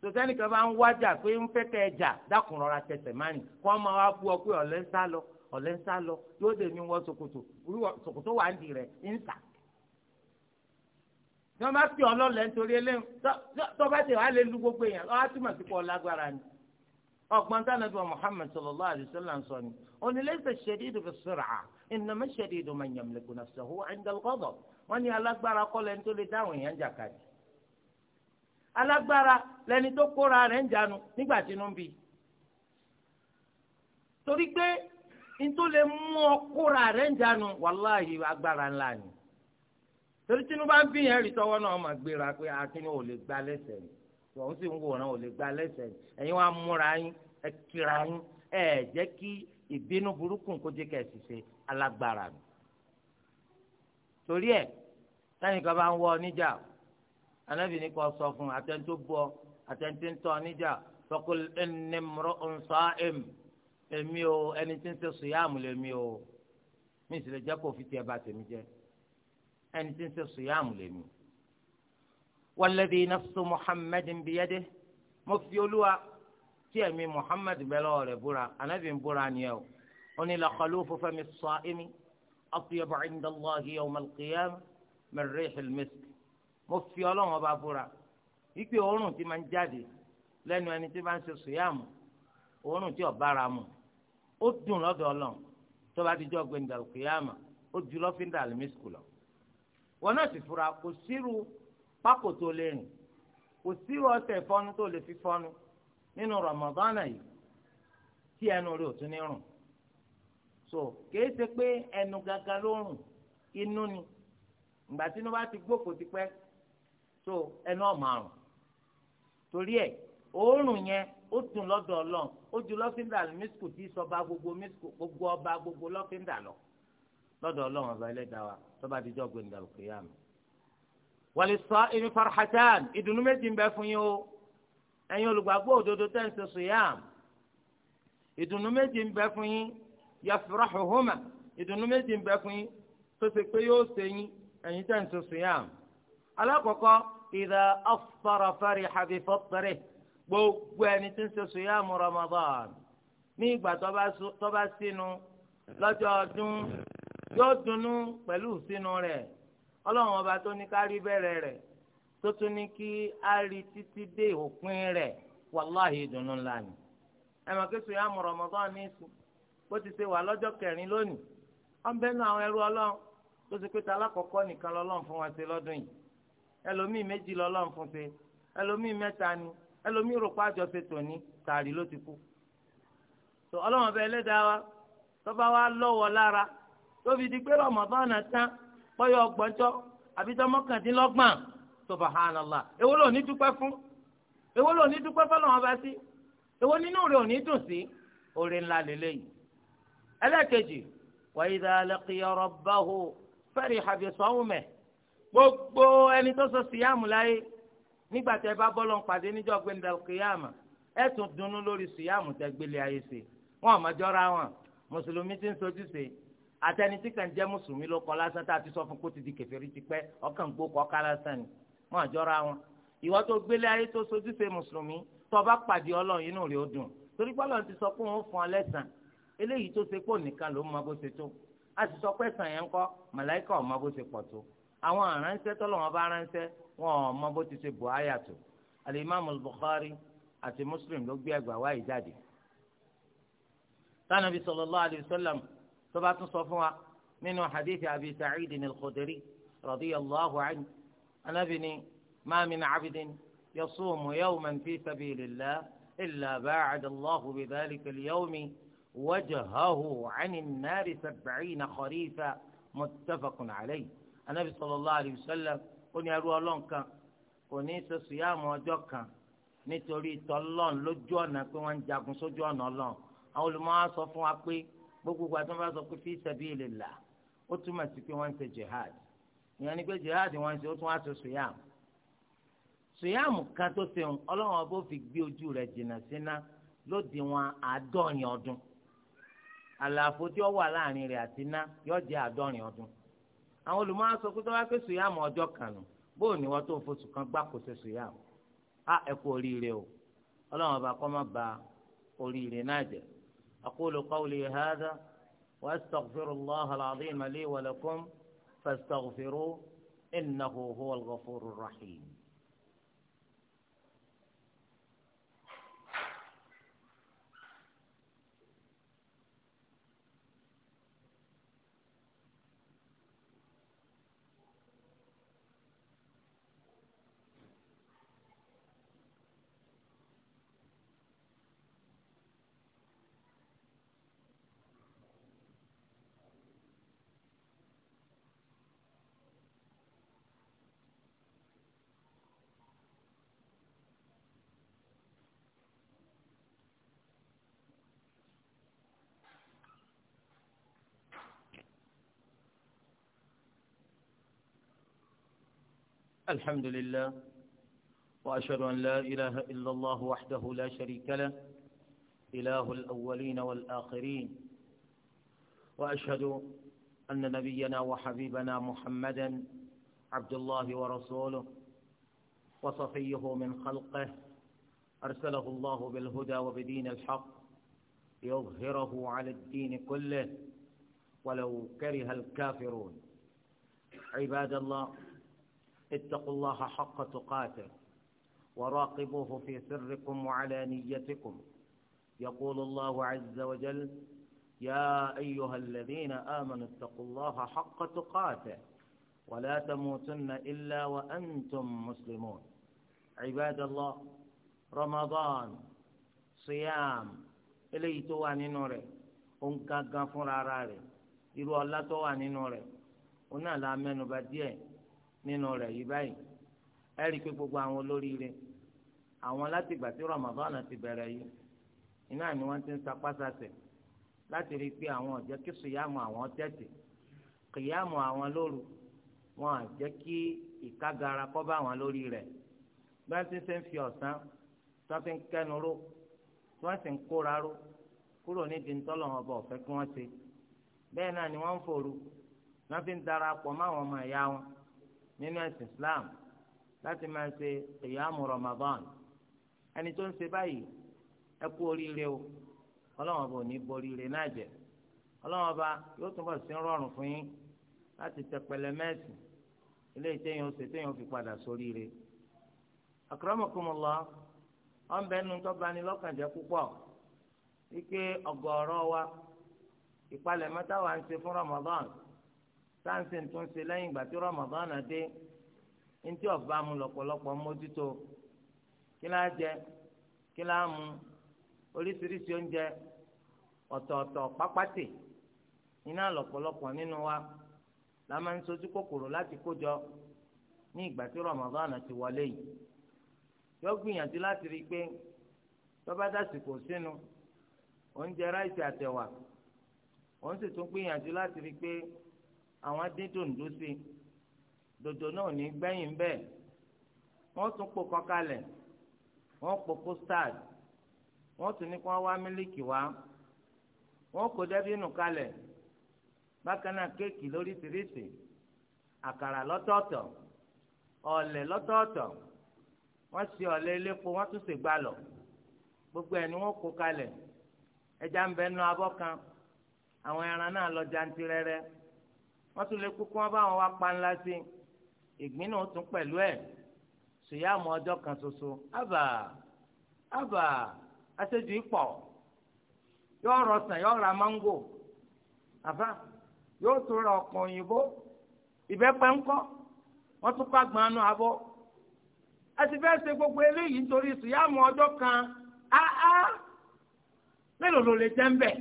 sọtẹ́ni kan bá ń wájà pé ń fẹ́kẹ́ ẹja dákun tẹsẹ̀ má kó wa bú ọ pé lọ lọ yóò dé sokoto ni wọ́n bá pè ọ́ lọ́lẹ̀ nítorí eléyìí tó bá ti wàá lè lu gbogbo èèyàn ọ́ á túmọ̀ sí pọ̀ lágbára ni ọgbọ́n tí anabi muhammed sallallahu alayhi wa sallam sọ ni onílẹ̀sẹ̀ ṣẹ̀dídù fi sọ̀rọ̀ ìnáma ṣẹ̀dídù máa yamliku nafsahu ẹ̀ńdàlgọ́dọ̀ wọ́n ní alágbára kọ́ lẹ́ni tó lè dáhùn èèyàn jàkadì alágbára lẹ́ni tó kóra rẹ̀ ń jánu nígbà tí inú ń bi torí pé ní tó lè mú ọ kóra rẹ̀ ń jánu wàláhì agbára ńlá ni torí tinubu bá bí yẹn rí tọwọ́ náà máa gbéra pé akínú ò lè gba lẹ́sẹ̀ ni tòun sì ń wòran ò lè gba lẹ́sẹ̀ ni ẹ̀yin wàá múra yín ẹ kíra yín ẹ jẹ́ kí ìbínú burúkú kó jẹ́ kẹ́ ẹ sì ṣe alágbára mi. torí ẹ sẹ́yìn kan bá ń wọ níjà anábì ní sọ fún àtẹ̀ntó bọ àtẹ̀ntó ń tọ́ níjà fọkùl ẹni mọ́rọ́ ń sọ ẹ̀m èmi o ẹni tí ń ṣe sùyàmù lèmi o mi sì lè jẹ́ kó fi tiẹ̀ bá tèmi jẹ́ ẹni tí ń ṣe sùyàmù lèmi walladhi nafsu muhammadin biyadihi mo fi olúwa tí ẹ̀mí muhammad bẹ lọ́wọ́ rẹ̀ búra anábì ń búra nìyẹn o ó ní la khalufu fami as-sa'imi atyabu 'inda Allahi yawm al-qiyamah min rih al-misk mo fi ọlọ́run ọba búra ìpè òórùn tí máa ń jáde lẹ́nu ẹni tí bá ń ṣe sùyàmù òórùn tí ọ̀bára mu ó dùn lọ́dọ̀ ọlọ́run tó bá ti jọ́ gbẹ̀ndàlùkìyàmà ó ju lọ́fíńdà àlùmísìkù lọ wọn náà sì fura kò sírú pákó tó lè rìn kò sírú ọṣẹ ìfọnu tó lè fi fọnu nínú rọmọdánà yìí tí ẹnu rẹ ò tún ní rùn so kìí ṣe pé ẹnu gàgà ló rùn inú ni ìgbà tí inú bá ti gbókò tipẹ́ so ẹnu ọ̀ máa rùn torí ẹ̀ òórùn yẹn ó dùn lọ́dọ̀ ọlọ́run ó ju lọ́fíńdà mísíkù tí sọba gbogbo mísíkù gbogbo ọba gbogbo lọ́fíńdà lọ. Lo lọ́dọ̀ ọlọ́run ọba ẹlẹ́dàá wa tọ́ba àtijọ́ gbẹ̀ndà òkè yá mi. wàlẹ̀ sọ ẹni farahatan ìdùnnú méjì ń bẹ fún yín o ẹ̀yin olùgbàgbọ́ òdodo tẹ̀sán suyam ìdùnnú méjì ń bẹ fún yín yafrahuhuma ìdùnnú méjì ń bẹ fún yín tó ṣe pé yóò ṣe yín ẹ̀yin tẹ̀sán suyam. alákọ̀ọ́kọ́ ìdá aftara fariha bi gbogbo ẹni yóò dunu pẹ̀lú sínú rẹ̀ ọlọ́run ọba tó ní ká rí re rẹ̀ tó tún ní kí á rí títí dé òpin rẹ̀ wàláhì dunu ńlá ni. ẹ mọ̀ kí sùyà mọ̀ Ramadan ní ìsìn bó ti ṣe wà lọ́jọ́ kẹrin lónìí ọ̀n bẹ́nu àwọn ẹrú ọlọ́run tó ti pété alákọ̀ọ́kọ́ nìkan lọ́lọ́run fún wa ṣe lọ́dún yìí ẹlòmíì méjì lọ́lọ́run fún ṣe ẹlòmíì mẹ́ta ni ẹlòmíì rò ṣe tòní tààrí ló ti kú. ọlọ́run ẹlẹ́dàá wa tó wa lọ́wọ́ lára tóbi di pé rọmọdán tán bọ́yọ̀ ọgbọ́njọ́ àbíjọ́ mọ́kàndínlọ́gbọ̀n subhanallah èwo ló ní dúpẹ́ fún èwo ló ní dúpẹ́ fọlọ́wọ́n bá sí èwo nínú rẹ̀ ò ní dùn sí orin ńlá lélẹ́yìí ẹlẹ́kejì wa idha laqiya rabbahu fariha gbogbo ẹni tó sọ síyàmù láyé nígbà tẹ bá bọ́ lọ́n pàdé níjọ́ gbẹ̀ndà kìyàmà ẹ tún dunnú lórí síyàmù tẹ gbélé ayé ṣe wọn àmọ́jọ́ra wọn mùsùlùmí ti ń sojú ṣe àtẹni tí kàn jẹ́ mùsùlùmí ló kọ lásán tá a ti sọ fún kó ti di kèfèrí ti pẹ́ ọkàn gbó kọ́ ká lásán ni wọ́n àjọra wọn ìwọ tó gbélé ayé tó sojúṣe mùsùlùmí tó bá pàdé ọlọ́run inú rẹ̀ ó dùn torí pé ọlọ́run ti sọ pé òun fún ọ lẹ́sàn eléyìí tó ṣe pò nìkan ló mọ bó ṣe tó a sì sọ pé ẹ̀sàn yẹn ń kọ́ màláìkà ò bó ṣe pọ̀ tó àwọn aránṣẹ́ tọ́lọ́wọ́n bá ránṣẹ́ wọn ò bó ti ṣe bò áyà tó alimami Bukhari àti Muslim ló gbé ẹgbàá wáyé jáde tánàbí sallallahu alaihi wasallam tó bá tún sọ fún wa nínú hadith abi sa'id al-khudri radiyallahu anhu anabini ma min abidin yasumu yawman fi sabilillah illa ba'ada allahu bidhalika al-yawmi wajahahu 'ani an-nari sab'ina kharifa muttafaqun alayhi anabi sallallahu alayhi wa sallam ó ní ẹrú ọlọ́run kan kò ní í ṣe sùyàmù ọjọ́ kan nítorí tọ́lọ́n lójú ọ̀nà pé wọ́n ń jagun sójú ọ̀nà ọlọ́run àwọn olùmọ̀ á sọ fún wa pé gbogbo àti wọn bá sọ pé fi sabilillah ó túmọ̀ sí pé wọ́n ń ṣe jihad ìyẹn ni jihad wọ́n ń ṣe ó tún wá kan tó ṣe fi gbé ojú rẹ̀ jìnnà síná lóde wọn àádọ́rin ọdún àlàfo tí ó wà láàrin rẹ̀ àti iná yóò jẹ́ àádọ́rin ọdún àwọn olùmọ̀ á sọ pé tó bá pé ọjọ́ kan nù bóò ní wọ́n tó أقول قولي هذا وأستغفر الله العظيم لي ولكم فاستغفروه إنه هو الغفور الرحيم الحمد لله وأشهد أن لا إله إلا الله وحده لا شريك له إله الأولين والآخرين وأشهد أن نبينا وحبيبنا محمدا عبد الله ورسوله وصفيه من خلقه أرسله الله بالهدى وبدين الحق ليظهره على الدين كله ولو كره الكافرون عباد الله اتقوا الله حق تقاته وراقبوه في سركم وعلانيتكم يقول الله عز وجل يا أيها الذين آمنوا اتقوا الله حق تقاته ولا تموتن إلا وأنتم مسلمون عباد الله رمضان صيام eléyìí تواني نوري nínú rẹ̀ òun gangan fúnra ara rẹ̀ irú ọlá tó nínú rẹ̀ yìí báyìí ẹ rí i pé gbogbo àwọn olóríire àwọn láti ìgbà tí Ramadan ti bẹ̀rẹ̀ yìí iná ni wọ́n ti ń sapásasẹ̀ láti rí i pé àwọn ọ̀jẹ́ kí sùyàmù àwọn tẹ̀sí kìyàmù àwọn lóru wọn à jẹ́ kí ìkágara kọ́ bá àwọn lórí rẹ̀ bí wọ́n ti ṣe ń fi ọ̀sán tí wọ́n fi ń kẹ́nu ró tí wọ́n sì ń kóra ró kúrò nídìí ń tọ́lọ̀ wọn ọ̀fẹ́ kí wọ́n ṣe bẹ́ẹ̀ náà ni wọ́n ń fòru wọ́n fi ń darapọ̀ mọ́ ọmọ ìyá wọn nínú ẹ̀sìn Islam láti máa ṣe ìyàmù Ramadan ẹni tó ń ṣe báyìí ẹ kú oríire o ọlọ́wọ́n ọba ò ní boríire náà jẹ ọlọ́wọ́n ọba yóò túnbọ̀ sí rọrùn fún yín láti tẹpẹlẹ mẹ́sìn ilé ìtẹ́yìn oṣù tẹ́yìn fi padà sóríire. akramakumullah wọn bẹ nu tó bani lọ́kànjẹ́ púpọ̀ wípé ọgọ́rọ̀ wa ìpalẹ̀mọ́tà wa ń ṣe fún Ramadan. táǹsì tó ń ṣe lẹ́yìn ìgbà tí Ramadan dé ntí ọba mu lọ́pọ̀lọpọ̀ mójútó kí jẹ mu oríṣiríṣi oúnjẹ ọ̀tọ̀ọ̀tọ̀ pápátì iná lọpọlọpọ nínú wa la máa ń sojú kòkòrò láti kójọ ní ìgbà tí Ramadan ti wọlé yìí i pé dásìkò sínú oúnjẹ ráìsì òun sì tún gbìyànjú láti rí i àwọn adédòǹdó sí dòdò náà ní gbẹ̀yìn bẹ́ẹ̀ wọ́n tún pò kọ́kalẹ̀ wọ́n pò kóstad wọ́n tún ní kí wá mílíkì wá wọ́n kó dẹ́bínú kalẹ̀ bákan náà kéèkì lóríṣiríṣi àkàrà lọ́tọ̀ọ̀tọ̀ ọ̀lẹ̀ lọ́tọ̀ọ̀tọ̀ wọ́n ṣe wọ́n tún gbogbo ẹ̀ ni wọ́n kó kalẹ̀ ẹja kan àwọn ẹran náà lọ jantirẹrẹ wọ́n tún lè kú kí wọ́n bá wọn wá panla sí i ìgbín náà tún pẹ̀lú ẹ̀ sòyàmù ọjọ́ kan ṣoṣo àbà àbà aṣojú ipò yóò rọsàn yóò ra máńgò àbá yóò tún ra ọ̀pọ̀ òyìnbó ìbẹ́pẹ́ ńkọ́ wọ́n tún ká gbọ́n abọ́ a ti fẹ́ ṣe gbogbo eléyìí nítorí sòyàmù ọjọ́ kan áá mélòó ló lè jẹ́ ń bẹ̀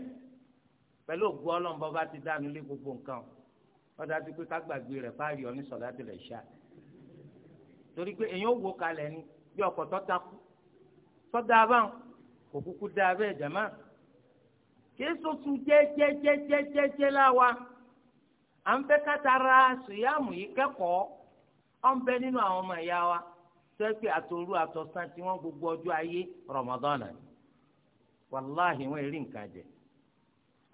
pẹ̀lú ògbó ọlọ́run bá ti dánú lé gbogbo nǹkan o. wọ́n dájú pé ká gbàgbé rẹ̀ ọ ní sọ̀láàtì rẹ̀ ṣá torí pé èyàn wò kalẹ̀ ni bí ọkọ̀ tó takú sọ́dà báwọn kò kúkú dá abẹ́ sotu jẹ́jẹ́jẹ́jẹ́jẹ́ láwa à ń fẹ́ kátara sùyàmù yìí kẹ́kọ̀ọ́ ọ̀ ń bẹ nínú àwọn ọmọ ìyá wa sẹ́pẹ́ àtòrú àtọ̀sán tí wọ́n gbogbo ọjọ́ ayé rọmọdọ́nà wọn èrí nǹkan jẹ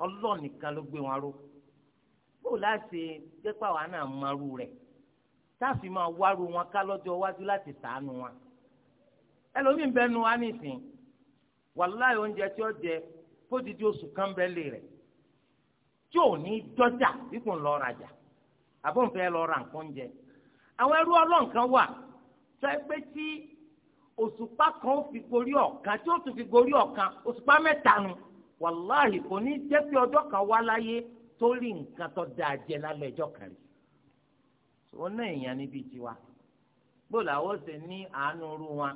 ọlọ́ọ̀nìkan ló bó láti gbẹ́pà wà náà marú rẹ̀ táàfin máa wárú wọn ká lọ́jọ́ iwájú láti sàánú wọn. ẹlòmíín bẹnu wa nìsín wàláì oúnjẹ tí ó jẹ fódìdí oṣù kan bẹ́lẹ̀ rẹ̀ tí ò ní dọ́jà ipò ńlọ rajà àbọ̀nfẹ́ lọ ra nǹkan jẹ. àwọn ẹrú ọlọ́nkan wà sọ pé tí òṣùpá kan fi gorí ọ̀kan tí ó tún fi gorí ọ̀kan òṣùpá mẹ́ta nu wàláì kò ní jẹ́ pé ọjọ́ kan wá láyé tó rí nǹkan tó dáa jẹ lálẹ́ ẹjọ́ kan rí wọn náà èèyàn níbi tiwa bóòlù àwọn ò sì ní àánú rú wọn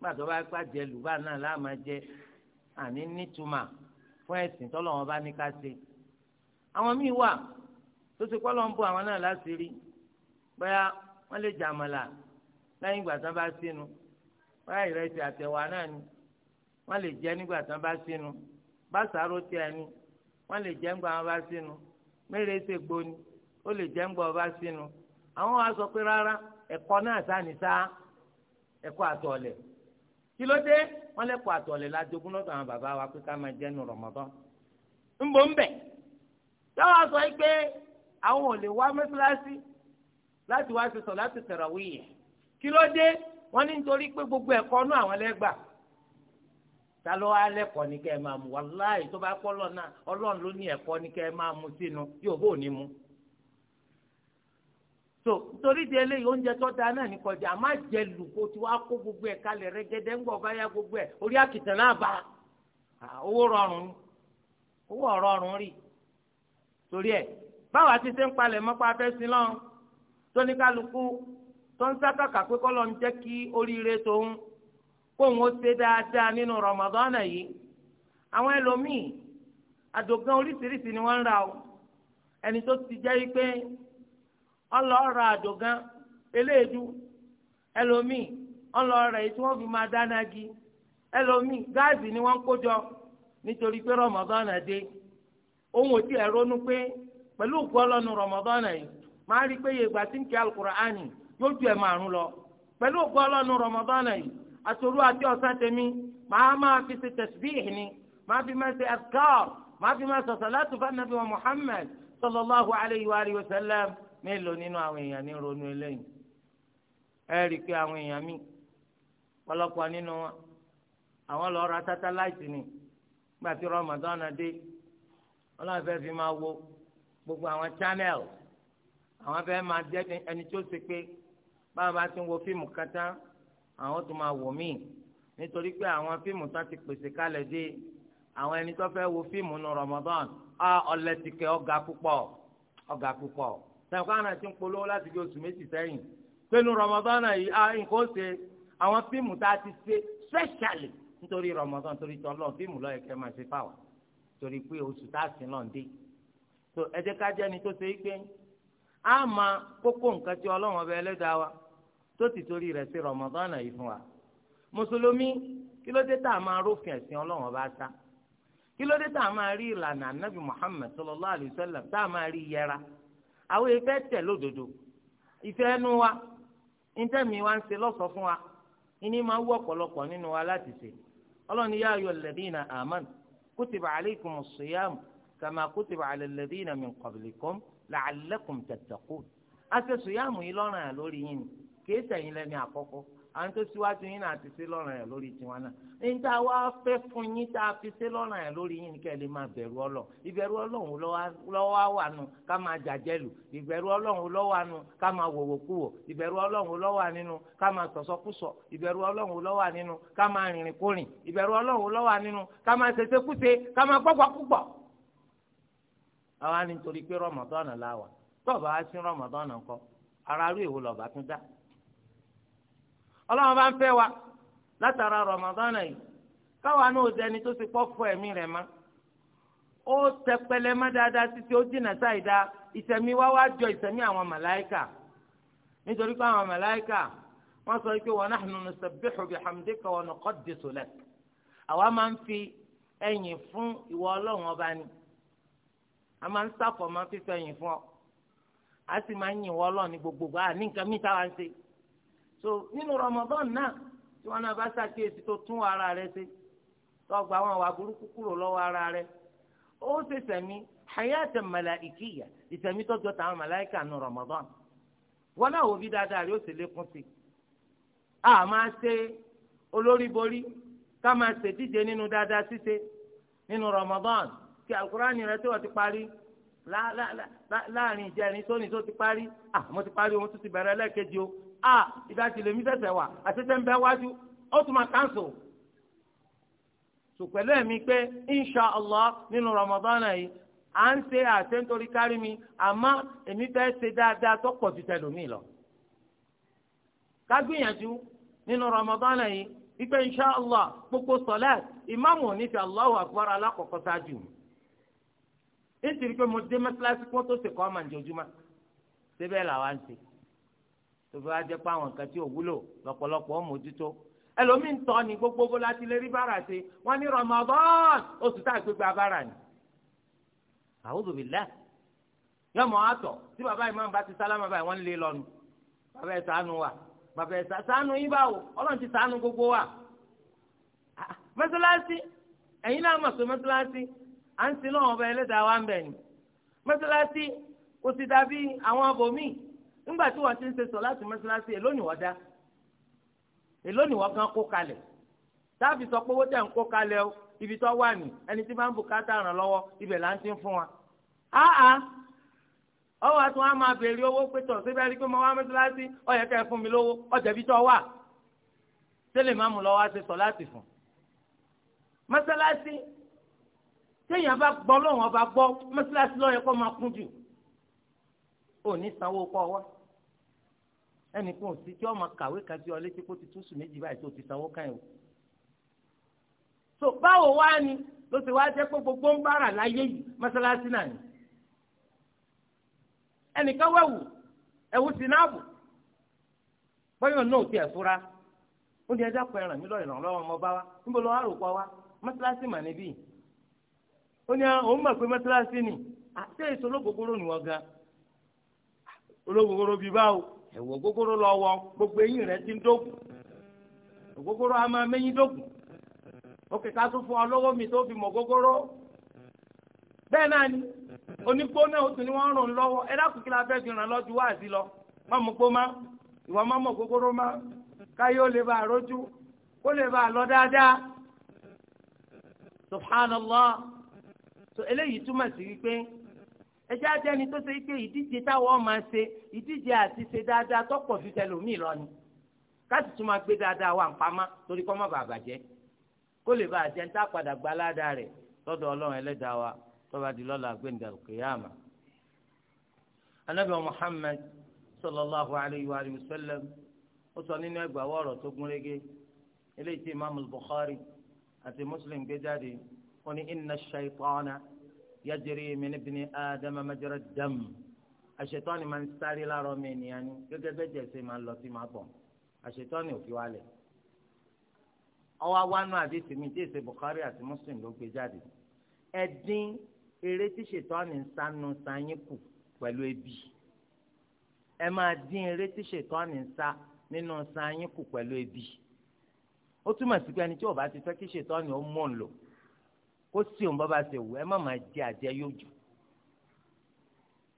gbàtọ́ bá gbàjẹ lùbá náà láàmà jẹ àní nítumà fún ẹ̀sìn tọ́lọ́wọ́n bá ní ká ṣe àwọn míì wà tó ti kọ́ lọ́n bó àwọn náà láṣìírí bóyá wọ́n lè jàmàlà lẹ́yìn ìgbà tán bá sínú bóyá ìrẹsì àtẹ̀wà náà ni wọ́n lè jẹ nígbà tán bá sínú bá sàárò tí ẹni wọ́n lè jẹ́ ńgbà wọn bá sínú mẹ́rẹ̀ẹ́ ṣe gbóni ó lè jẹ́ ńgbà wọn bá sínú àwọn wa sọ pé rárá ẹ̀kọ́ náà sáni sá ẹ̀kọ́ àtọ̀lẹ̀ kí ló dé wọ́n lẹ́kọ̀ọ́ àtọ̀lẹ̀ la jogún lọ́dọ̀ àwọn bàbá wa pé ká máa jẹ́ nu Ramadan ńbọ̀ ńbẹ̀ yàrá sọ pé àwọn ò lè wá mẹ́sàlásì láti wá ṣe sọ láti tẹ̀rọ wíyẹ̀ kí ló dé wọ́n ní nítorí pé gbogbo ẹ̀kọ́ náà àwọn lẹ́gbàá ta ló wá lẹ́kọ̀ọ́ ní kẹ́ ẹ máa mú wàláì tó bá pọ́ lọ́nà ọlọ́run ló ní ẹ̀kọ́ ní kẹ́ ẹ máa mú sínú yóò bó ní mú. tó torí di eléyìí oúnjẹ tó da náà ní kọjá má jẹ lùkó tí wàá kó gbogbo ẹ̀ kalẹ̀ rẹ́gẹ́dẹ́ ń gbọ̀ báyà gbogbo ẹ̀ orí àkìtàn náà bá owó rọrùn owó ọ̀rọ̀rùn rí torí ẹ̀ báwa ti ṣe ń palẹ̀ mọ́pá fẹ́ sí lọ́run tóníkálukú tó ń sákàkà pé kọ́lọ́ kóun ó ṣe dáadáa nínú rọmọdọ́nà yìí àwọn ẹlòmíì àdògán oríṣiríṣi ni wọ́n ń ra o ẹni tó ti jẹ́ wípé ọlọ́ọ̀ra àdògán eléèdú ẹlòmíì ọlọ́ọ̀ra èyí tí wọ́n fi máa gi ẹlòmíì gáàsì ni wọ́n kó jọ nítorí pé rọmọdọ́nà dé òun ò tiẹ̀ ronú pé pẹ̀lú òkú ọlọ́nu yìí máa rí i pé tí ń kí alukura ánì yóò ju ẹ̀ lọ pẹ̀lú òkú ọlọ́nu àtòrú àti ọ̀sán tèmi màá máa fi ṣe tẹ̀síbíì ni màá fi máa ṣe azkar màá fi máa sọ̀sọ̀ láti fún anabi wa muhammed sallallahu alayhi wa alihi wa sallam mélòó nínú àwọn èèyàn ní ronú eléyìí ẹ rí i pé àwọn èèyàn mi pọ̀lọpọ̀ nínú wọn àwọn lọ ra sátáláìtì ni nígbà tí ramadan dé ọlọ́run fẹ́ fi máa wo gbogbo àwọn channel àwọn fẹ́ máa jẹ́ ẹni tó ṣe pé báwọn bá ti ń wo fíìmù kan tán àwọn tó máa wò míì nítorí pé àwọn fíìmù tán ti pèsè kálẹ̀ dé àwọn ẹni tó fẹ́ wo fíìmù nu Ramadan á ọlẹ́tìkẹ́ ọ̀gá púpọ̀ ọ̀gá púpọ̀ sẹ́wọ̀n káwọn àti ń polówó láti fi oṣù méjì sẹ́yìn pẹ̀lú Ramadan yìí á nǹkan ó ṣe àwọn fíìmù tá a ti ṣe specially nítorí Ramadan torí tọ́lọ́ fíìmù lọ́yẹ̀ kẹ́ máa ṣe fáwọn torí pé oṣù tá a sin lọ́n dé so ẹ jẹ́ ká jẹ́ ni tó ṣe é pé á máa kókó nǹkan tí Ọlọ́run ọba ẹlẹ́dàá wa tó ti torí rẹ̀ sí Ramadan yìí fún wa mùsùlùmí kí ló dé tá a máa rófin ẹ̀sìn ọlọ́run bá sá kí ló dé tá a máa rí ìlànà anabi Muhammad sallallahu alayhi wa sallam tá a máa rí yẹra àwọn ìfẹ́ tẹ̀ lódodo ìfẹ́ ẹnu wa ìtẹ̀mí wa ń ṣe lọ́sọ̀ fún wa ìní máa wú ọ̀pọ̀lọpọ̀ nínú wa láti ṣe ọlọ́run yá ayọ̀ alladhina amanu kutiba alaykumus siyam kama kutiba ala alladhina min qablikum la'allakum tattaqun kìí sẹ̀yìn lẹ́ni àkọ́kọ́ àwọn tó síwájú yín náà ti sí lọ́rùn ẹ̀ lórí tiwọn náà níta wá fẹ́ fún yín tá a fi sí lọ́rùn ya lórí yín kẹ́ lè máa bẹ̀rù ọlọ ìbẹ̀rù Ọlọ́run lọ́wọ́ wà nù ká máa jàjẹ́lù ìbẹ̀rù Ọlọ́run lọ́wọ́ wà nù ká máa wòwò kúwò ìbẹ̀rù Ọlọ́run lọ́wọ́ wà nínú ká máa ma ìbẹ̀rù Ọlọ́run lọ́wọ́ wà nínú ká máa rìnrìn ìbẹ̀rù Ọlọ́run lọ́wọ́ wà nínú ká máa ká máa àwa pé rọmọdọ́nà la wà ọlọ́run bá ń fẹ́ wa látara rọmọdánà yìí káwa náà dẹni tó ti pọ́ fún ẹ̀mí rẹ̀ mọ́ ó tẹpẹlẹ mọ́ dáadáa títí ó dínà sáìdá ìsẹ̀mí wá wá jọ ìsẹ̀mí àwọn màláìkà nítorí pé àwọn màláìkà wọ́n sọ pé wa nahnu nusabbihu bihamdika wa nuqaddisu lak àwa máa ń fi ẹ̀yìn fún ìwọ ọlọ́run ọba ni a máa ń sáfọ̀ máa fífẹ́ ẹ̀yìn fún ọ a sì máa ń yìn wọ́ ọlọ́run ní gbogbogbò à ní nǹkan mí so nínú Ramadan náà tí wọn náà bá ṣàkíyèsí tó tún ara rẹ ṣe tó gba àwọn àwà burúkú kúrò lọ́wọ́ ara rẹ ó ṣe sẹ̀mí hayata malaikiyya ìsẹ̀mí tọ́jọ́ táwọn màláìkà nù Ramadan wọn náà wò bí dáadáa rí ó sì lékún sí i a máa ṣe olórí borí ká máa ṣèdíje nínú dáadáa ṣíṣe nínú Ramadan kí alukurani rẹ tí wọ́n ti parí láàrin ìjẹrin tóní tó ti parí ah mo ti parí ohun tó ti bẹ̀rẹ̀ lẹ́ẹ̀kejì o a ibi àti lèmi sẹsẹ wà àtẹsẹ ń bẹ wájú ó tún máa pẹ̀lú ẹ̀mí pé insha allah nínú ramadan yìí à ń ṣe àṣẹ kárí mi àmọ́ èmi fẹ́ ṣe dáadáa tó pọ̀ ju tẹlómi lọ ká nínú ramadan yìí wípé insha allah gbogbo sọlẹ ìmáàmù òní ti allahu akbar alákọ̀ọ́kọ́ ṣáájú mi nítorí pé mo dé mẹ́tíláṣí tó ṣe kọ́ ọ́ máa ń jojúmọ́ síbẹ̀ tó fi wá jẹ́ pé àwọn nǹkan tí ò wúlò lọ́pọ̀lọpọ̀ ó mójútó ẹlòmíì ń tọ́ ni gbogbo bó láti lè rí bára ṣe wọ́n ní Ramadan oṣù tá a gbé gba bára ni àwùjọ bìí lẹ́ yọmọ àtọ̀ tí bàbá ìmáàmù bá ti sálámà báyìí wọ́n lé lọ́nu bàbá ẹ̀ sànù wa bàbá ẹ̀ sànù yín báwo ọlọ́run ti sànù gbogbo wa ah, mẹ́sàlásì ẹ̀yin náà mọ̀ sí mẹ́sàlásì à ń sin náà ọba ẹlẹ́dàá wa ń bẹ̀ ni mẹ́sàlásì kò sì dàbí àwọn abòmíì nígbà tí wọ́n ti ń ṣe sọ láti mọ́ṣáláṣí èló ni wọ́n dá èló ni wọ́n kan kó kalẹ̀ táàbì sọ pé owó tẹ̀ ń kó kalẹ̀ o ibi tó wà ní ẹni tí máa ń bùkátà ràn lọ́wọ́ ibẹ̀ là ń ti ń fún wa. áà ọwọ́ àti wọn á máa béèrè owó pé tọ̀ síbẹ̀ rí pé mo wá mọ́ṣáláṣí ó yẹ kẹ́ ẹ fún mi lówó ọjà ibi tó wà tẹ́lẹ̀ máa mú lọ́wọ́ á ṣe sọ láti fún. mọ́ṣáláṣí téèyàn bá gbọ́ lọ́wọ́ bá gbọ́ mọ́ṣáláṣí ló yẹ kó máa kún jù òní sanwó kọ́ wa. ẹnìkan ò sí tí ọmọ kàwé kan ti ọ kó ti túṣù méjì báyìí tó ti sanwó kan o. so báwo wá ni ló ti wá jẹ́ pé gbogbo ń bára láyé yìí mọ́sálásí náà ni. ẹnìkan wẹ̀wù ẹ̀wù sínáàbù bọ́yọ̀ náà ti ẹ̀ ó ní ẹjọ́ pẹ̀lú ẹ̀ràn mi lọ ìrànlọ́wọ́ ọmọ bá wa níbo wa mọ́sálásí mà níbí ah, ni àti ah, ẹ̀wọ̀ ògógóró lọ wọ gbogbo eyín rẹ ti ń dógùn ògógóró a máa méyín dógùn òkè ká tún fún ọ lọ́wọ́ mi tó fi mọ̀ ògógóró bẹ́ẹ̀ náà ni onígbó náà ó tún ní wọ́n ràn lọ́wọ́ ẹ dákun kí la fẹ́ fi ràn lọ́jú wá sí lọ má mú gbó má ìwọ má mọ̀ ògógóró má káyé ó lè bá àrójú kó lè bá àlọ́ dáadáa subhanallah so eléyìí túmọ̀ sí wípé ẹjẹ ni tó ṣe pé ìdíje táwọn máa ṣe ìdíje àti ṣe dáadáa tọ́pọ̀ fi tẹlòmíì lọ ni káàsì tún máa gbé dáadáa wà ń pamá torí kọ́ má bàa bàjẹ́ kó lè bàa jẹ́ ń tá padà gba aládàá rẹ̀ lọ́dọ̀ ọlọ́run ẹlẹ́dàá wa tọ́ba di lọ́la gbẹ̀ǹdà kìyàmà. anabi muhammed sallallahu alayhi wa sallam ó sọ nínú ẹgbàá wọ̀rọ̀ tó gúnrégé eléyìí tí imaamu bukhari àti muslim gbé jáde ó ní inna shaytana yajiri min ibni adama majra dam aṣetọ́ni máa ń la láàárọ̀ mi ènìyàn ni gẹ́gẹ́ bẹ́ẹ̀ jẹ́sẹ̀ máa ń lọ sí máa bọ̀ aṣetọ́ni ò fi wálẹ̀ ọwọ́ awánú àdìsí mi tí èsè Bukhari àti Muslim ló gbé jáde ẹ̀dín eré tí ṣètọ́ni ń sanu sanyín kù pẹ̀lú ebi ẹ máa eré tí ṣètọ́ni sa nínú sanyín kù pẹ̀lú ebi ó túmọ̀ sí pé tí ò bá ti fẹ́ kí ṣètọ́ni ó mọ̀ ń lò kó sì òun bá ṣe wù ẹ má máa jẹ àjẹ yóò jù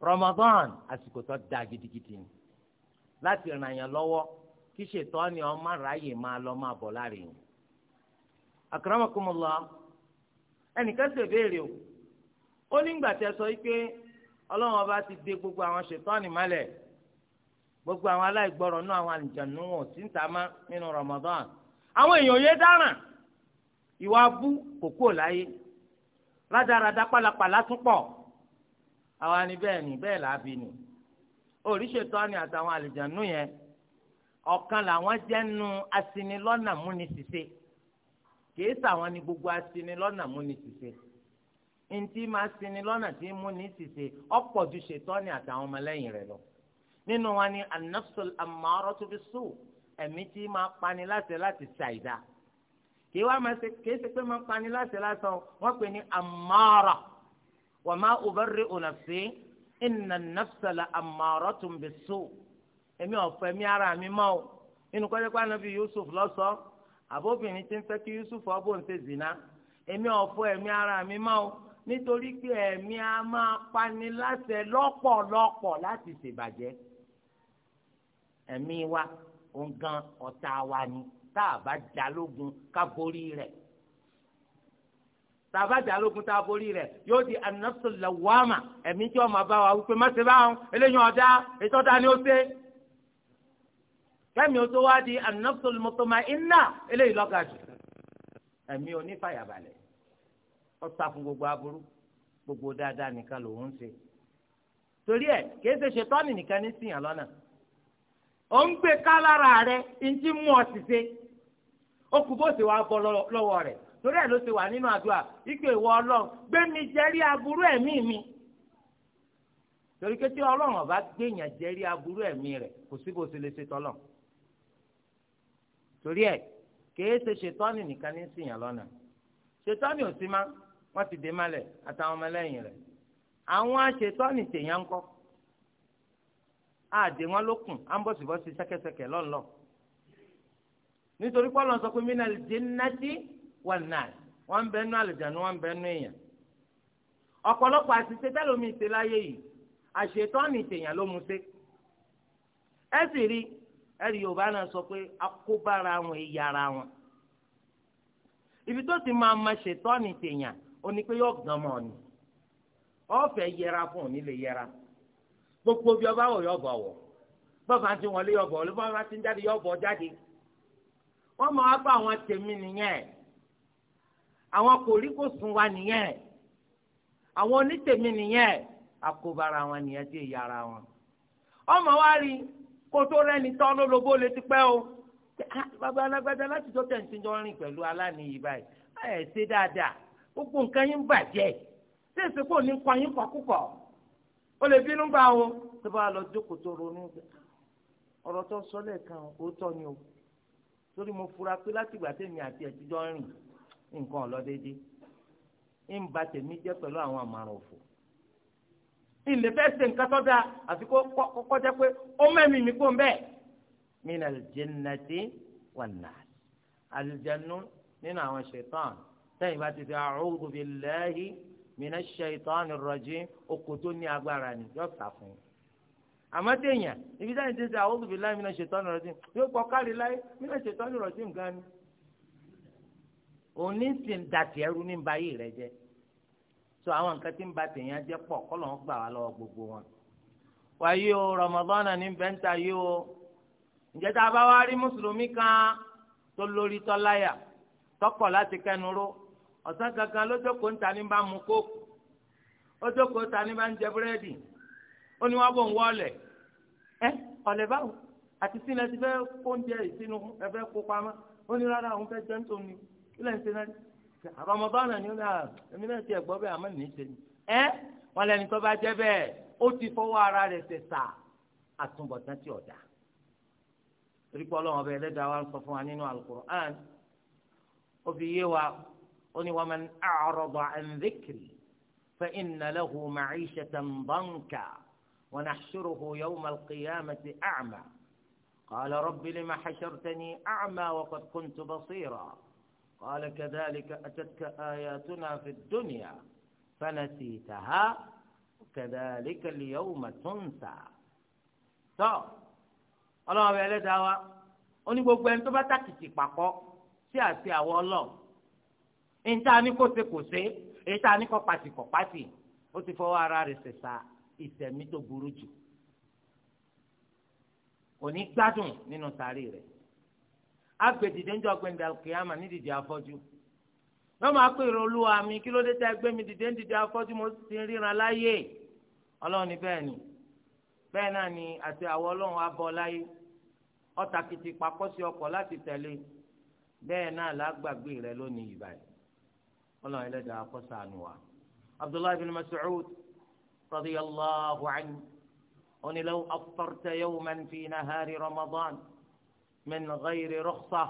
Ramadan àsìkò tó da gidigidi ni láti ràn yàn lọ́wọ́ kí ṣètọ́ ni ma ráàyè máa lọ máa bọ̀ láre yìí akramakumullah ẹnìkan ṣe béèrè o ó nígbà sọ ike ọlọ́run ọba ti de gbogbo àwọn ṣètọ́ni mọ́lẹ̀ gbogbo àwọn aláìgbọràn náà àwọn wọn sí ń ta Ramadan àwọn èèyàn yé dáràn ìwà abú kò kúrò láyé rádaràda pálapàla tún pọ̀ àwa ni bẹ́ẹ̀ ni bẹ́ẹ̀ là á bí ni oríṣetọ́ ni àtàwọn àlejànú yẹn ọ̀kan làwọn jẹ́ nu asinilọ́nà múni ṣiṣe kìí sàwọn ni gbogbo asinilọ́nà múni ṣiṣe ntí máa sinilọ́nà tí múni ṣiṣe ọ̀pọ̀ ju ṣetọ́ ni àtàwọn ọmọlẹ́yìn rẹ̀ lọ nínú wa ni anafsul amaratu bisu ẹ̀mí tí máa pani láti láti ṣàìdá kì í wá máa ṣe kì í ṣe pé máa ń pani láṣẹ lásán wọ́n pè ní amara wa ma ubarri'u nafsi inna an-nafsa la ammaratun bis-su èmi ọ̀fẹ́ mi ara mi mọ́ o inú kọ́lé pa nàbí Yusuf lọ́sọ̀ àbóbìnrin ti ń fẹ́ kí Yusuf ọ̀bọ̀ ń ṣe zina èmi ọ̀fọ́ ẹ̀mí ara mi mọ́ o nítorí pé ẹ̀mí a máa pani láṣẹ lọ́pọ̀lọpọ̀ láti ṣèbàjẹ́ ẹ̀mí wa òun gan ọ̀tá wa ni tá a bá jà lógun ká borí rẹ̀ tá a bá jà lógun tá borí rẹ̀ yóò di an-nafsul lawwama tí wọ́n máa bá wa wípé má ṣe báwọn eléyìí ọ̀dá ètò ọ̀dá ni ó ṣe kẹ́mi ó tó wá di an-nafsul mutma'inna eléyìí lọ́gà jù ẹ̀mí onífàyàbalẹ̀ ó sá fún gbogbo aburú gbogbo dáadáa nìkan lòún ṣe torí ẹ̀ kìí ṣe ṣètọ́nì nìkan ní sìn yàn lọ́nà ò ń gbé ká rẹ ntí mú ọ sì ṣe ó kú bó ṣe wàá bọ́ lọ́wọ́ rẹ̀ torí ẹ̀ ló ṣe wà nínú àdúrà ike ìwọ ọlọ́run gbé mi jẹ́rí aburú ẹ̀mí mi torí pé tí ọlọ́run ọba gbéyàn jẹ́rí aburú ẹ̀mí rẹ̀ kò sí bó ṣe lè ṣe tọ́lọ̀ torí ẹ̀ kèé ṣe ṣètọ́nì nìkan ní sìyàn lọ́nà ṣètọ́nì ò sí má wọ́n ti dé malẹ̀ àtàwọn ọmọlẹ́yìn rẹ̀ àwọn ṣètọ́nì tèèyàn ń kọ́ àdè wọn lókun à ń bọ̀sibọ́sí sẹ́kẹsẹkẹ lọ́nlọ́ nítorí pọ́lọ́ sọ pé mí náà lè náti wà náà wọ́n bẹ nú àlùjánu wọ́n bẹ nú èèyàn ọ̀pọ̀lọpọ̀ àṣìṣe tẹ́lómi ṣe láyé yìí àṣetọ́ni tèèyàn ló mu ṣe ẹ sì rí ẹ̀rí yorùbá náà sọ pé akóbára wọn èyí ara wọn ibi tó ti máa ma ṣetọ́ni tèèyàn ó ní pé yóò gbọ́n mọ́ ọ ni ọ̀fẹ́ yẹra fún òní lè yẹra gbogbo bí ọba wọ̀ yọ̀bọ̀ wọ̀ bọ́ba ti wọlé yọ̀bọ̀ wọlé bọ́ba ti jáde yọ̀bọ̀ jáde wọ́n máa bá àwọn tèmi nìyẹn àwọn kò rí kò sùn wa nìyẹn àwọn onítèmi nìyẹn àkóbára wọn nìyẹn tí èyí ara wọn ọmọ wa rí kótó rẹ́ni tọ́ lólobó lè ti pẹ́ o ah, bàbá alágbádá láti tó tẹ̀sí jọ rìn pẹ̀lú aláníyí báyìí ẹ̀ ṣe dáadáa gbogbo nǹkan yín bàjẹ́ ṣé èsì kò ní kọ́ yín kọ́ púpọ̀. ó lè bínú bá o tó bá lọ jókòó tó ronú ọ̀rọ̀ tó sọ lẹ́ẹ̀kan òótọ́ ni o torí mo fura pé látìgbà tèmi àti ẹ̀tijọ́ rìn nǹkan ọ̀lọ́ déédéé ń ba tèmi jẹ́ pẹ̀lú àwọn àmàràn òfò ilé fẹ́ ṣe nǹkan tó dáa àfi kó kọ́kọ́ pé ó mẹ́mìí mi kó ń bẹ́ẹ̀ min aljannati wan nas aljannu nínú àwọn ṣaitan sẹ́yìn bá ti fi a'udhu billahi mina shaitan rajim oko tó ní agbára ni yóò sá fún yín àmọ́ téèyàn ibi táyà ti sẹ́ a'udhu billahi mina shaitan rajim yóò pọ̀ kárí láyé mina shaitan rajim gan ni òní sì ń dàtí ẹrú ní báyìí rẹ jẹ so àwọn nǹkan tí ń ba tèèyàn jẹ pọ̀ kọ́ lọ́n gbà wá lọ́wọ́ gbogbo wọn wàyí o Ramadana ní bẹ́ńtà yìí o ǹjẹ́ tá a bá wá rí mùsùlùmí kan tó lórí tọ́láyà tọkọ̀ láti kẹnu ró ọ̀sán kankan lọ́jọ́ kó ń ta ní bá mu kóòkù ọjọ́ kó ta ní bá ń jẹ búrẹ́dì ó ní wọ́n bò ń wọ́ ọ̀lẹ̀ ẹ ọ̀lẹ̀ báwo àti sínú ẹtì fẹ́ kó ń jẹ ìsínú ẹfẹ́ kó pamọ́ ó ní rárá òun fẹ́ jẹ́ ń tóun ni ilẹ̀ ń ṣe náà àrọ̀mọbọ́nà ni ó ní àmì náà ti ẹ̀gbọ́ bẹ́ẹ̀ àmọ́ nìyí ṣe ni ẹ wọn lẹni tó bá jẹ́ bẹ́ẹ̀ ó ti fọwọ́ ara rẹ̀ ṣe sà àtúbọ̀tán tí ọ̀dà torí pé ọlọ́run ọba wa ń sọ fún wa nínú Al-Qur'an ó fi yé wa قلني ومن أعرض عن ذكري فإن له معيشة ضنكا ونحشره يوم القيامة أعمى قال رب لما حشرتني أعمى وقد كنت بصيرا قال كذلك أتتك آياتنا في الدنيا فنسيتها وكذلك اليوم تنسى تو الله يعلي دعوة أني بقول أنت بتكتي بقى سياسي أو níta ní kó se kò ṣe níta ní kó pàṣẹ kò pàṣẹ ó ti fọwọ́ ara rẹ̀ ṣẹ̀ṣà ìṣẹ̀mí tó burú jù kò ní gbádùn nínú sàárì rẹ̀ agbèdìdé ń jọ gbẹ̀ndà kìámà nídìdì afọ́jú wọ́n máa pè rọ olúwa mi kí ló dé tá mi dìde ń dìde afọ́jú mo ti ríran láyé ọlọ́run ni bẹ́ẹ̀ ni bẹ́ẹ̀ náà ni àti àwọn ọlọ́run abọ́ láyé ọ̀tàkìtì papọ̀ sí ọkọ̀ láti tẹ̀lé bẹ́ẹ̀ náà lágbàgbé rẹ lónìí ìbàdàn ọlọ́run ẹlẹ́dàá kó ṣàánú wa abdullahi bin mas'ud radiyallahu anhu ó ní law aftarta yawman fi nahari ramadan min ghayri rukhsa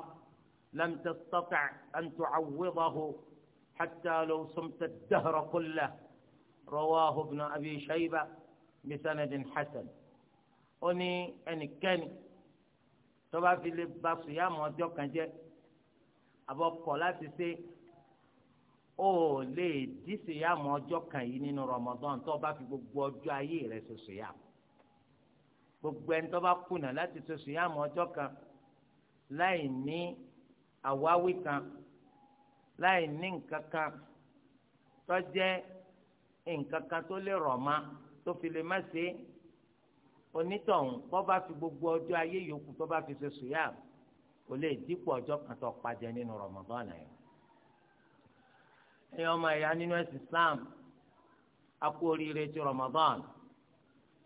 lam tastati' an tu'awwidahu hatta law sumta ad-dahra kullah rawahu ibn abi shayba bisanadin hasan ó ní ẹnikẹ́ni tó bá fi lè ba sùyàmù ọjọ́ kan jẹ́ àbọ̀kọ̀ láti ṣe. o lè dí sèyàmù ọjọ́ kan yìí nínú Ramadan tó o bá fi gbogbo ọjọ́ ayé rẹ̀ ṣe sèyàmù gbogbo ẹni tó bá kùnà láti ṣe sèyàmù ọjọ́ kan láì ní àwáwí kan láì ní nǹkan kan tó jẹ́ nǹkan kan tó lè rọ̀ ma tó fi lè má ṣe onítọ̀hún kó bá fi gbogbo ọjọ́ ayé yòókù tó bá fi ṣe sùyà kò lè dípò ọjọ́ kan tó pàjẹ́ nínú Ramadan yẹn ẹ̀yin ọmọ ẹ̀yà nínú ẹ̀sìn Islam a kú oríire ti Ramadan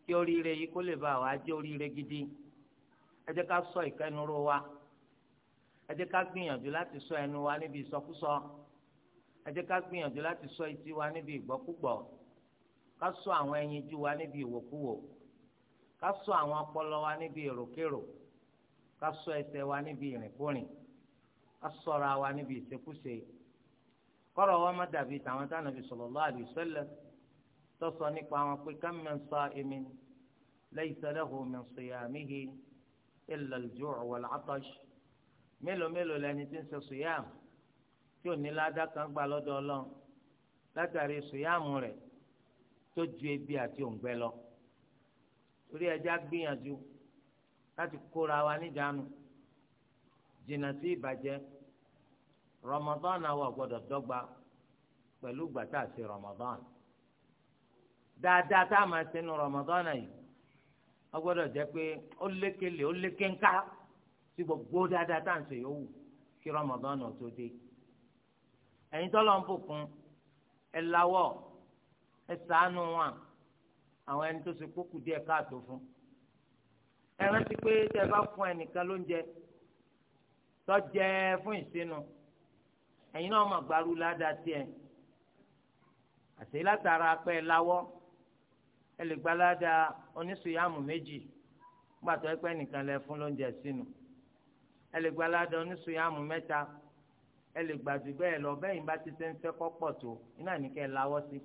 kí oríire yìí kó lè bá wa jẹ́ oríire gidi ẹ jẹ́ ká ṣọ́ ìkẹnuró wa ẹ jẹ́ ká gbìyànjú láti ṣọ́ ẹnu wa níbi ìsọkúsọ ẹ ká gbìyànjú láti ṣọ́ etí wa níbi ìgbọ́kúgbọ́ ká ṣọ́ àwọn ẹyinjú wa níbi ìwòkúwò ká ṣọ́ àwọn ọpọlọ wa níbi èròkérò ká ṣọ́ ẹsẹ̀ wa níbi ìrìnkúrìn ká ṣọ́ra wa níbi ìṣekúṣe kọ́rọ̀ wa má dàbí tàwọn tá nàbí sallallahu alaihi wasallam tọ́sọ nípa wọn pé kam min sa'imin laysa lahu min siyamihi illa al-ju' wal-'atash mélòó mélòó lẹni tí ń ṣe sùyàm tí ò ní ládàá kan gbà lọ́dọ̀ ọlọ́run látàrí sùyàmù rẹ̀ tó ju ebi àti òǹgbẹ lọ torí ẹja gbìyànjú láti kóra wa níjànú jìnnà sí ìbàjẹ́ rọmọdán àwọn ọgbọ́dọ̀ dọ́gba pẹ̀lú ìgbà tá a ṣe rọmọdán dáadáa tá a máa ṣe nu rọmọdán yìí ọgbọ́dọ̀ jẹ́ pé ó lékele ó lékenká sí gbogbo dáadáa tá à ń ṣe yòówù kí rọmọdán náà tó dé ẹ̀yin tọ́lọ́ ń bùkún ẹ lawọ́ ẹ ṣàánú wọn àwọn ẹni tó ṣe kókù díẹ̀ káàtó fún ẹ rántí pé tẹ bá fún ẹnìkan lóúnjẹ tọ́jẹ fún ìsinu. ẹ̀yin náà ma gbaru ládàá tiẹ̀ àti látara pẹ́ lawọ. ẹ lè gba méjì gbàtọ́ ẹ nìkan lẹ fún lóúnjẹ sínú ẹ lè gba ládàá oníṣùyàmù mẹ́ta ẹ lọ bẹ́yìn bá ti ṣe ń fẹ́ tó iná ní kẹ́ ẹ sí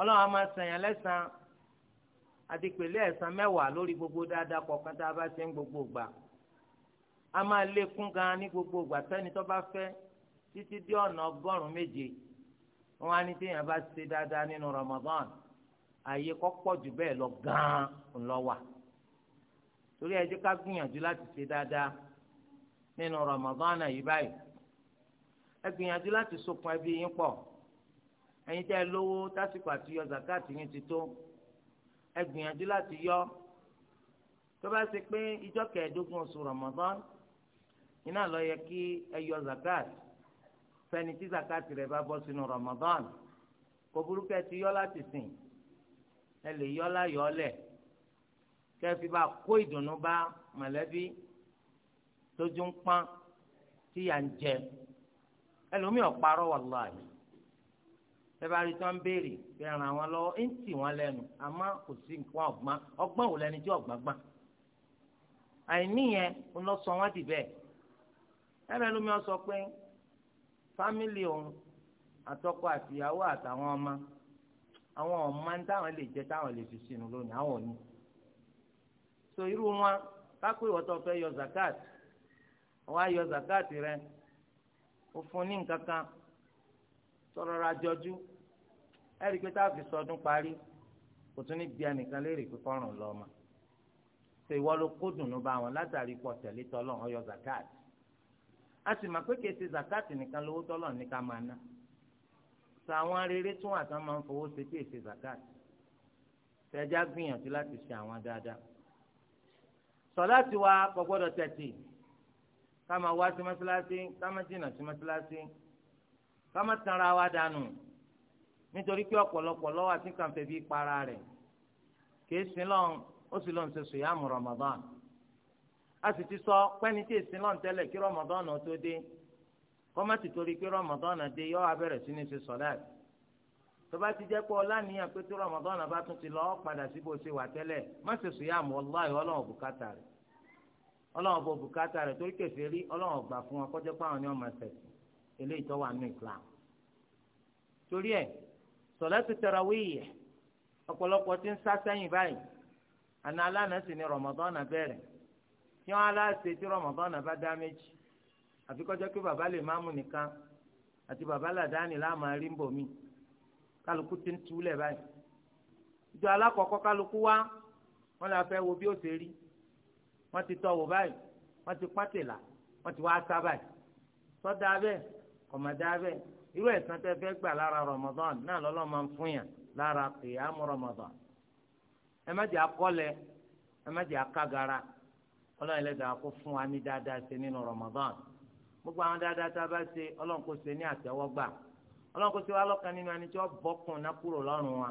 ọlọ́run a máa sànyàn gbogbo dáadáa kọ̀ọ̀kan tá a bá ṣe ń gbogbo gbà a máa lékún títí dé ọ̀nà ọgọ́rùn-ún méje wọn á ní téèyàn bá ṣe dáadáa nínú Ramadan àyè kọ́pọ̀ jù bẹ́ẹ̀ lọ gan-an lọ wà torí ẹ jẹ́ ká gbìyànjú láti ṣe dáadáa nínú Ramadan yìí báyìí ẹ gbìyànjú láti sokun ẹbí yín pọ̀ ẹ̀yin tẹ́ ẹ lówó tásìkò àti yọ zakati yín ti tó ẹ gbìyànjú láti yọ tó bá ṣe pé ìjọ kẹẹ̀ẹ́dógún oṣù Ramadan iná lọ yẹ kí ẹ yọ zakati fẹ́ni tí zakati rẹ̀ bá bọ́ sínú Ramadan kò burúkú ẹ ti yọ láti sìn ẹ lè yọ láyọ̀ ọ́lẹ̀ kẹfì bá kó ìdùnnú bá mọ̀lẹ́bí tójú ń pọ́n tí yà ń jẹ ẹlòmíì ọ̀parọ́ wàláhì tẹ́bárí tí wọ́n ń béèrè pé ràn wọ́n lọ́wọ́ ń tì wọ́n lẹ́nu àmọ́ kò sí nǹkan ọ̀gbọ́n ọgbọ́n wò lẹ́ni tí ọ̀gbọ́n gbọ́n àìní ń lọ sọ wọ́n dì bẹ́ẹ̀ ẹ̀rọ ẹlòmíì ọ sọ pé fámìlì òun àtọkọ àtìyàwó àtàwọn ọmọ àwọn ọmọ ń táwọn lè jẹ táwọn lè fi sínú lónìí àwọn òní so irú wọn kápẹ́ ìwọ fẹ́ yọ zakat wọ́n á yọ zakat rẹ o fún ní nǹkan kan tọrọ ra jọjú ẹ̀rí pé tá sọdún parí kò tún ní bí ẹnìkan léèrè pé kọ́ràn lọ́ọ́ zakat a sì mọ̀ pé kìí ṣe zakati nìkan lówó tọ́lọ̀ ní ká máa ná sọ àwọn rere tún àti wọn máa ń fowó ṣe kìí zakati tẹjá gbìyànjú láti ṣe àwọn dáadáa sọláàtì wa kò gbọ́dọ̀ tẹ̀tì ká máa wá sí mọ́sálásí ká máa jìnnà sí mọ́sálásí ká máa tanra wa dànù nítorí pé ọ̀pọ̀lọpọ̀ lọ́wọ́ àti kànfẹ́ bíi para rẹ̀ kìí lọ́n ó sì lọ́n ṣe sùyàmù Ramadan. asi ti sọ pẹ́ni tí èsì náà ń tẹ́lẹ̀ kí tó dé kọ́mọ́tì torí pé na dé yọ abẹ́rẹ́ sí ní ṣe sọ̀láàtì tó bá ti jẹ́ pé ọlá nìyàn pé na Ramadan bá tún ti lọ padà sí bó ṣe wà tẹ́lẹ̀ má ṣe sùyàm wàláhì ọlọ́run bùkátà rẹ̀ ọlọ́run bò bùkátà rẹ̀ torí kẹfẹ́ rí ọlọ́run gbà fún wọn kọ́jọ́ pé àwọn ni wọ́n máa ṣẹ̀sìn eléyìí torí ti kí wọ́n aláṣẹ tí rọmọbọ́nà bá dá méjì àfi kọjá pé bàbá lè má mú nìkan àti bàbá làdáni láàmú arímbò mi kálukú ti ń túlẹ̀ báyìí ìjọ alákọ̀ọ́kọ́ kálukú wá wọ́n lè fẹ́ wo bí ó ṣe rí wọ́n ti tọ́ wò báyìí wọ́n ti pátìlà wọ́n ti wá sá báyìí sọ́dà abẹ́ kọ̀mọ̀dà abẹ́ irú ẹ̀sán tẹ́ fẹ́ gbà lára Ramadan náà lọ́lọ́ máa ń fún yàn lára kìyàmú Ramadan ẹ má jẹ́ akọ́lẹ̀ ẹ má jẹ́ akágara ọlọ́run ẹlẹ́dàá kó fún wa ní dáadáa ṣe nínú Ramadan gbogbo àwọn dáadáa tá a bá ṣe ọlọ́run kó ṣe ní àtẹ́wọ́gbà ọlọ́run kó ṣe wá lọ́kàn nínú ẹni tí wọ́n bọ́kùn náà kúrò lọ́rùn wa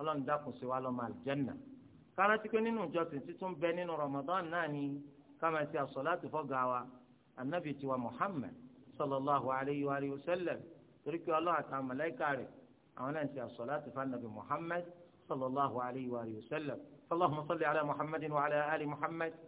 ọlọ́run dákun ṣe wá lọ́mọ àlùjẹ́nà kárántí pé nínú ìjọsìn títún bẹ nínú Ramadan náà ni káma ṣe àsọ̀láàtì fọ́gà wa anabi tiwa Muhammad sallallahu alayhi wa alihi wa sallam torí pé ọlọ́run àtàwọn mọ̀lẹ́kà rẹ̀ àwọn náà ṣe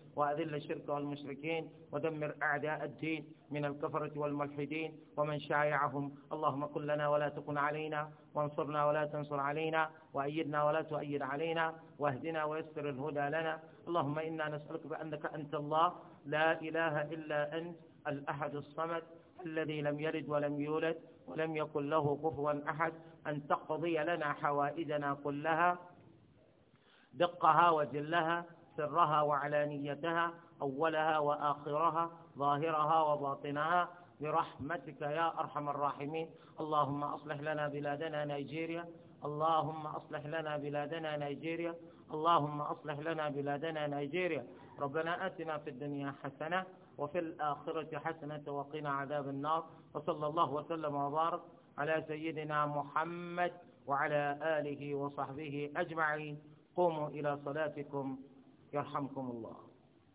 وأذل الشرك والمشركين ودمر أعداء الدين من الكفرة والملحدين ومن شايعهم اللهم كن لنا ولا تكن علينا وانصرنا ولا تنصر علينا وأيدنا ولا تؤيد علينا واهدنا ويسر الهدى لنا اللهم إنا نسألك بأنك أنت الله لا إله إلا أنت الأحد الصمد الذي لم يلد ولم يولد ولم يكن له كفوا أحد أن تقضي لنا حوائجنا كلها دقها وجلها سرها وعلانيتها أولها وآخرها ظاهرها وباطنها برحمتك يا أرحم الراحمين اللهم أصلح لنا بلادنا نيجيريا اللهم أصلح لنا بلادنا نيجيريا اللهم أصلح لنا بلادنا نيجيريا ربنا آتنا في الدنيا حسنة وفي الآخرة حسنة وقنا عذاب النار وصلى الله وسلم وبارك على سيدنا محمد وعلى آله وصحبه أجمعين قوموا إلى صلاتكم yarhamkumullah.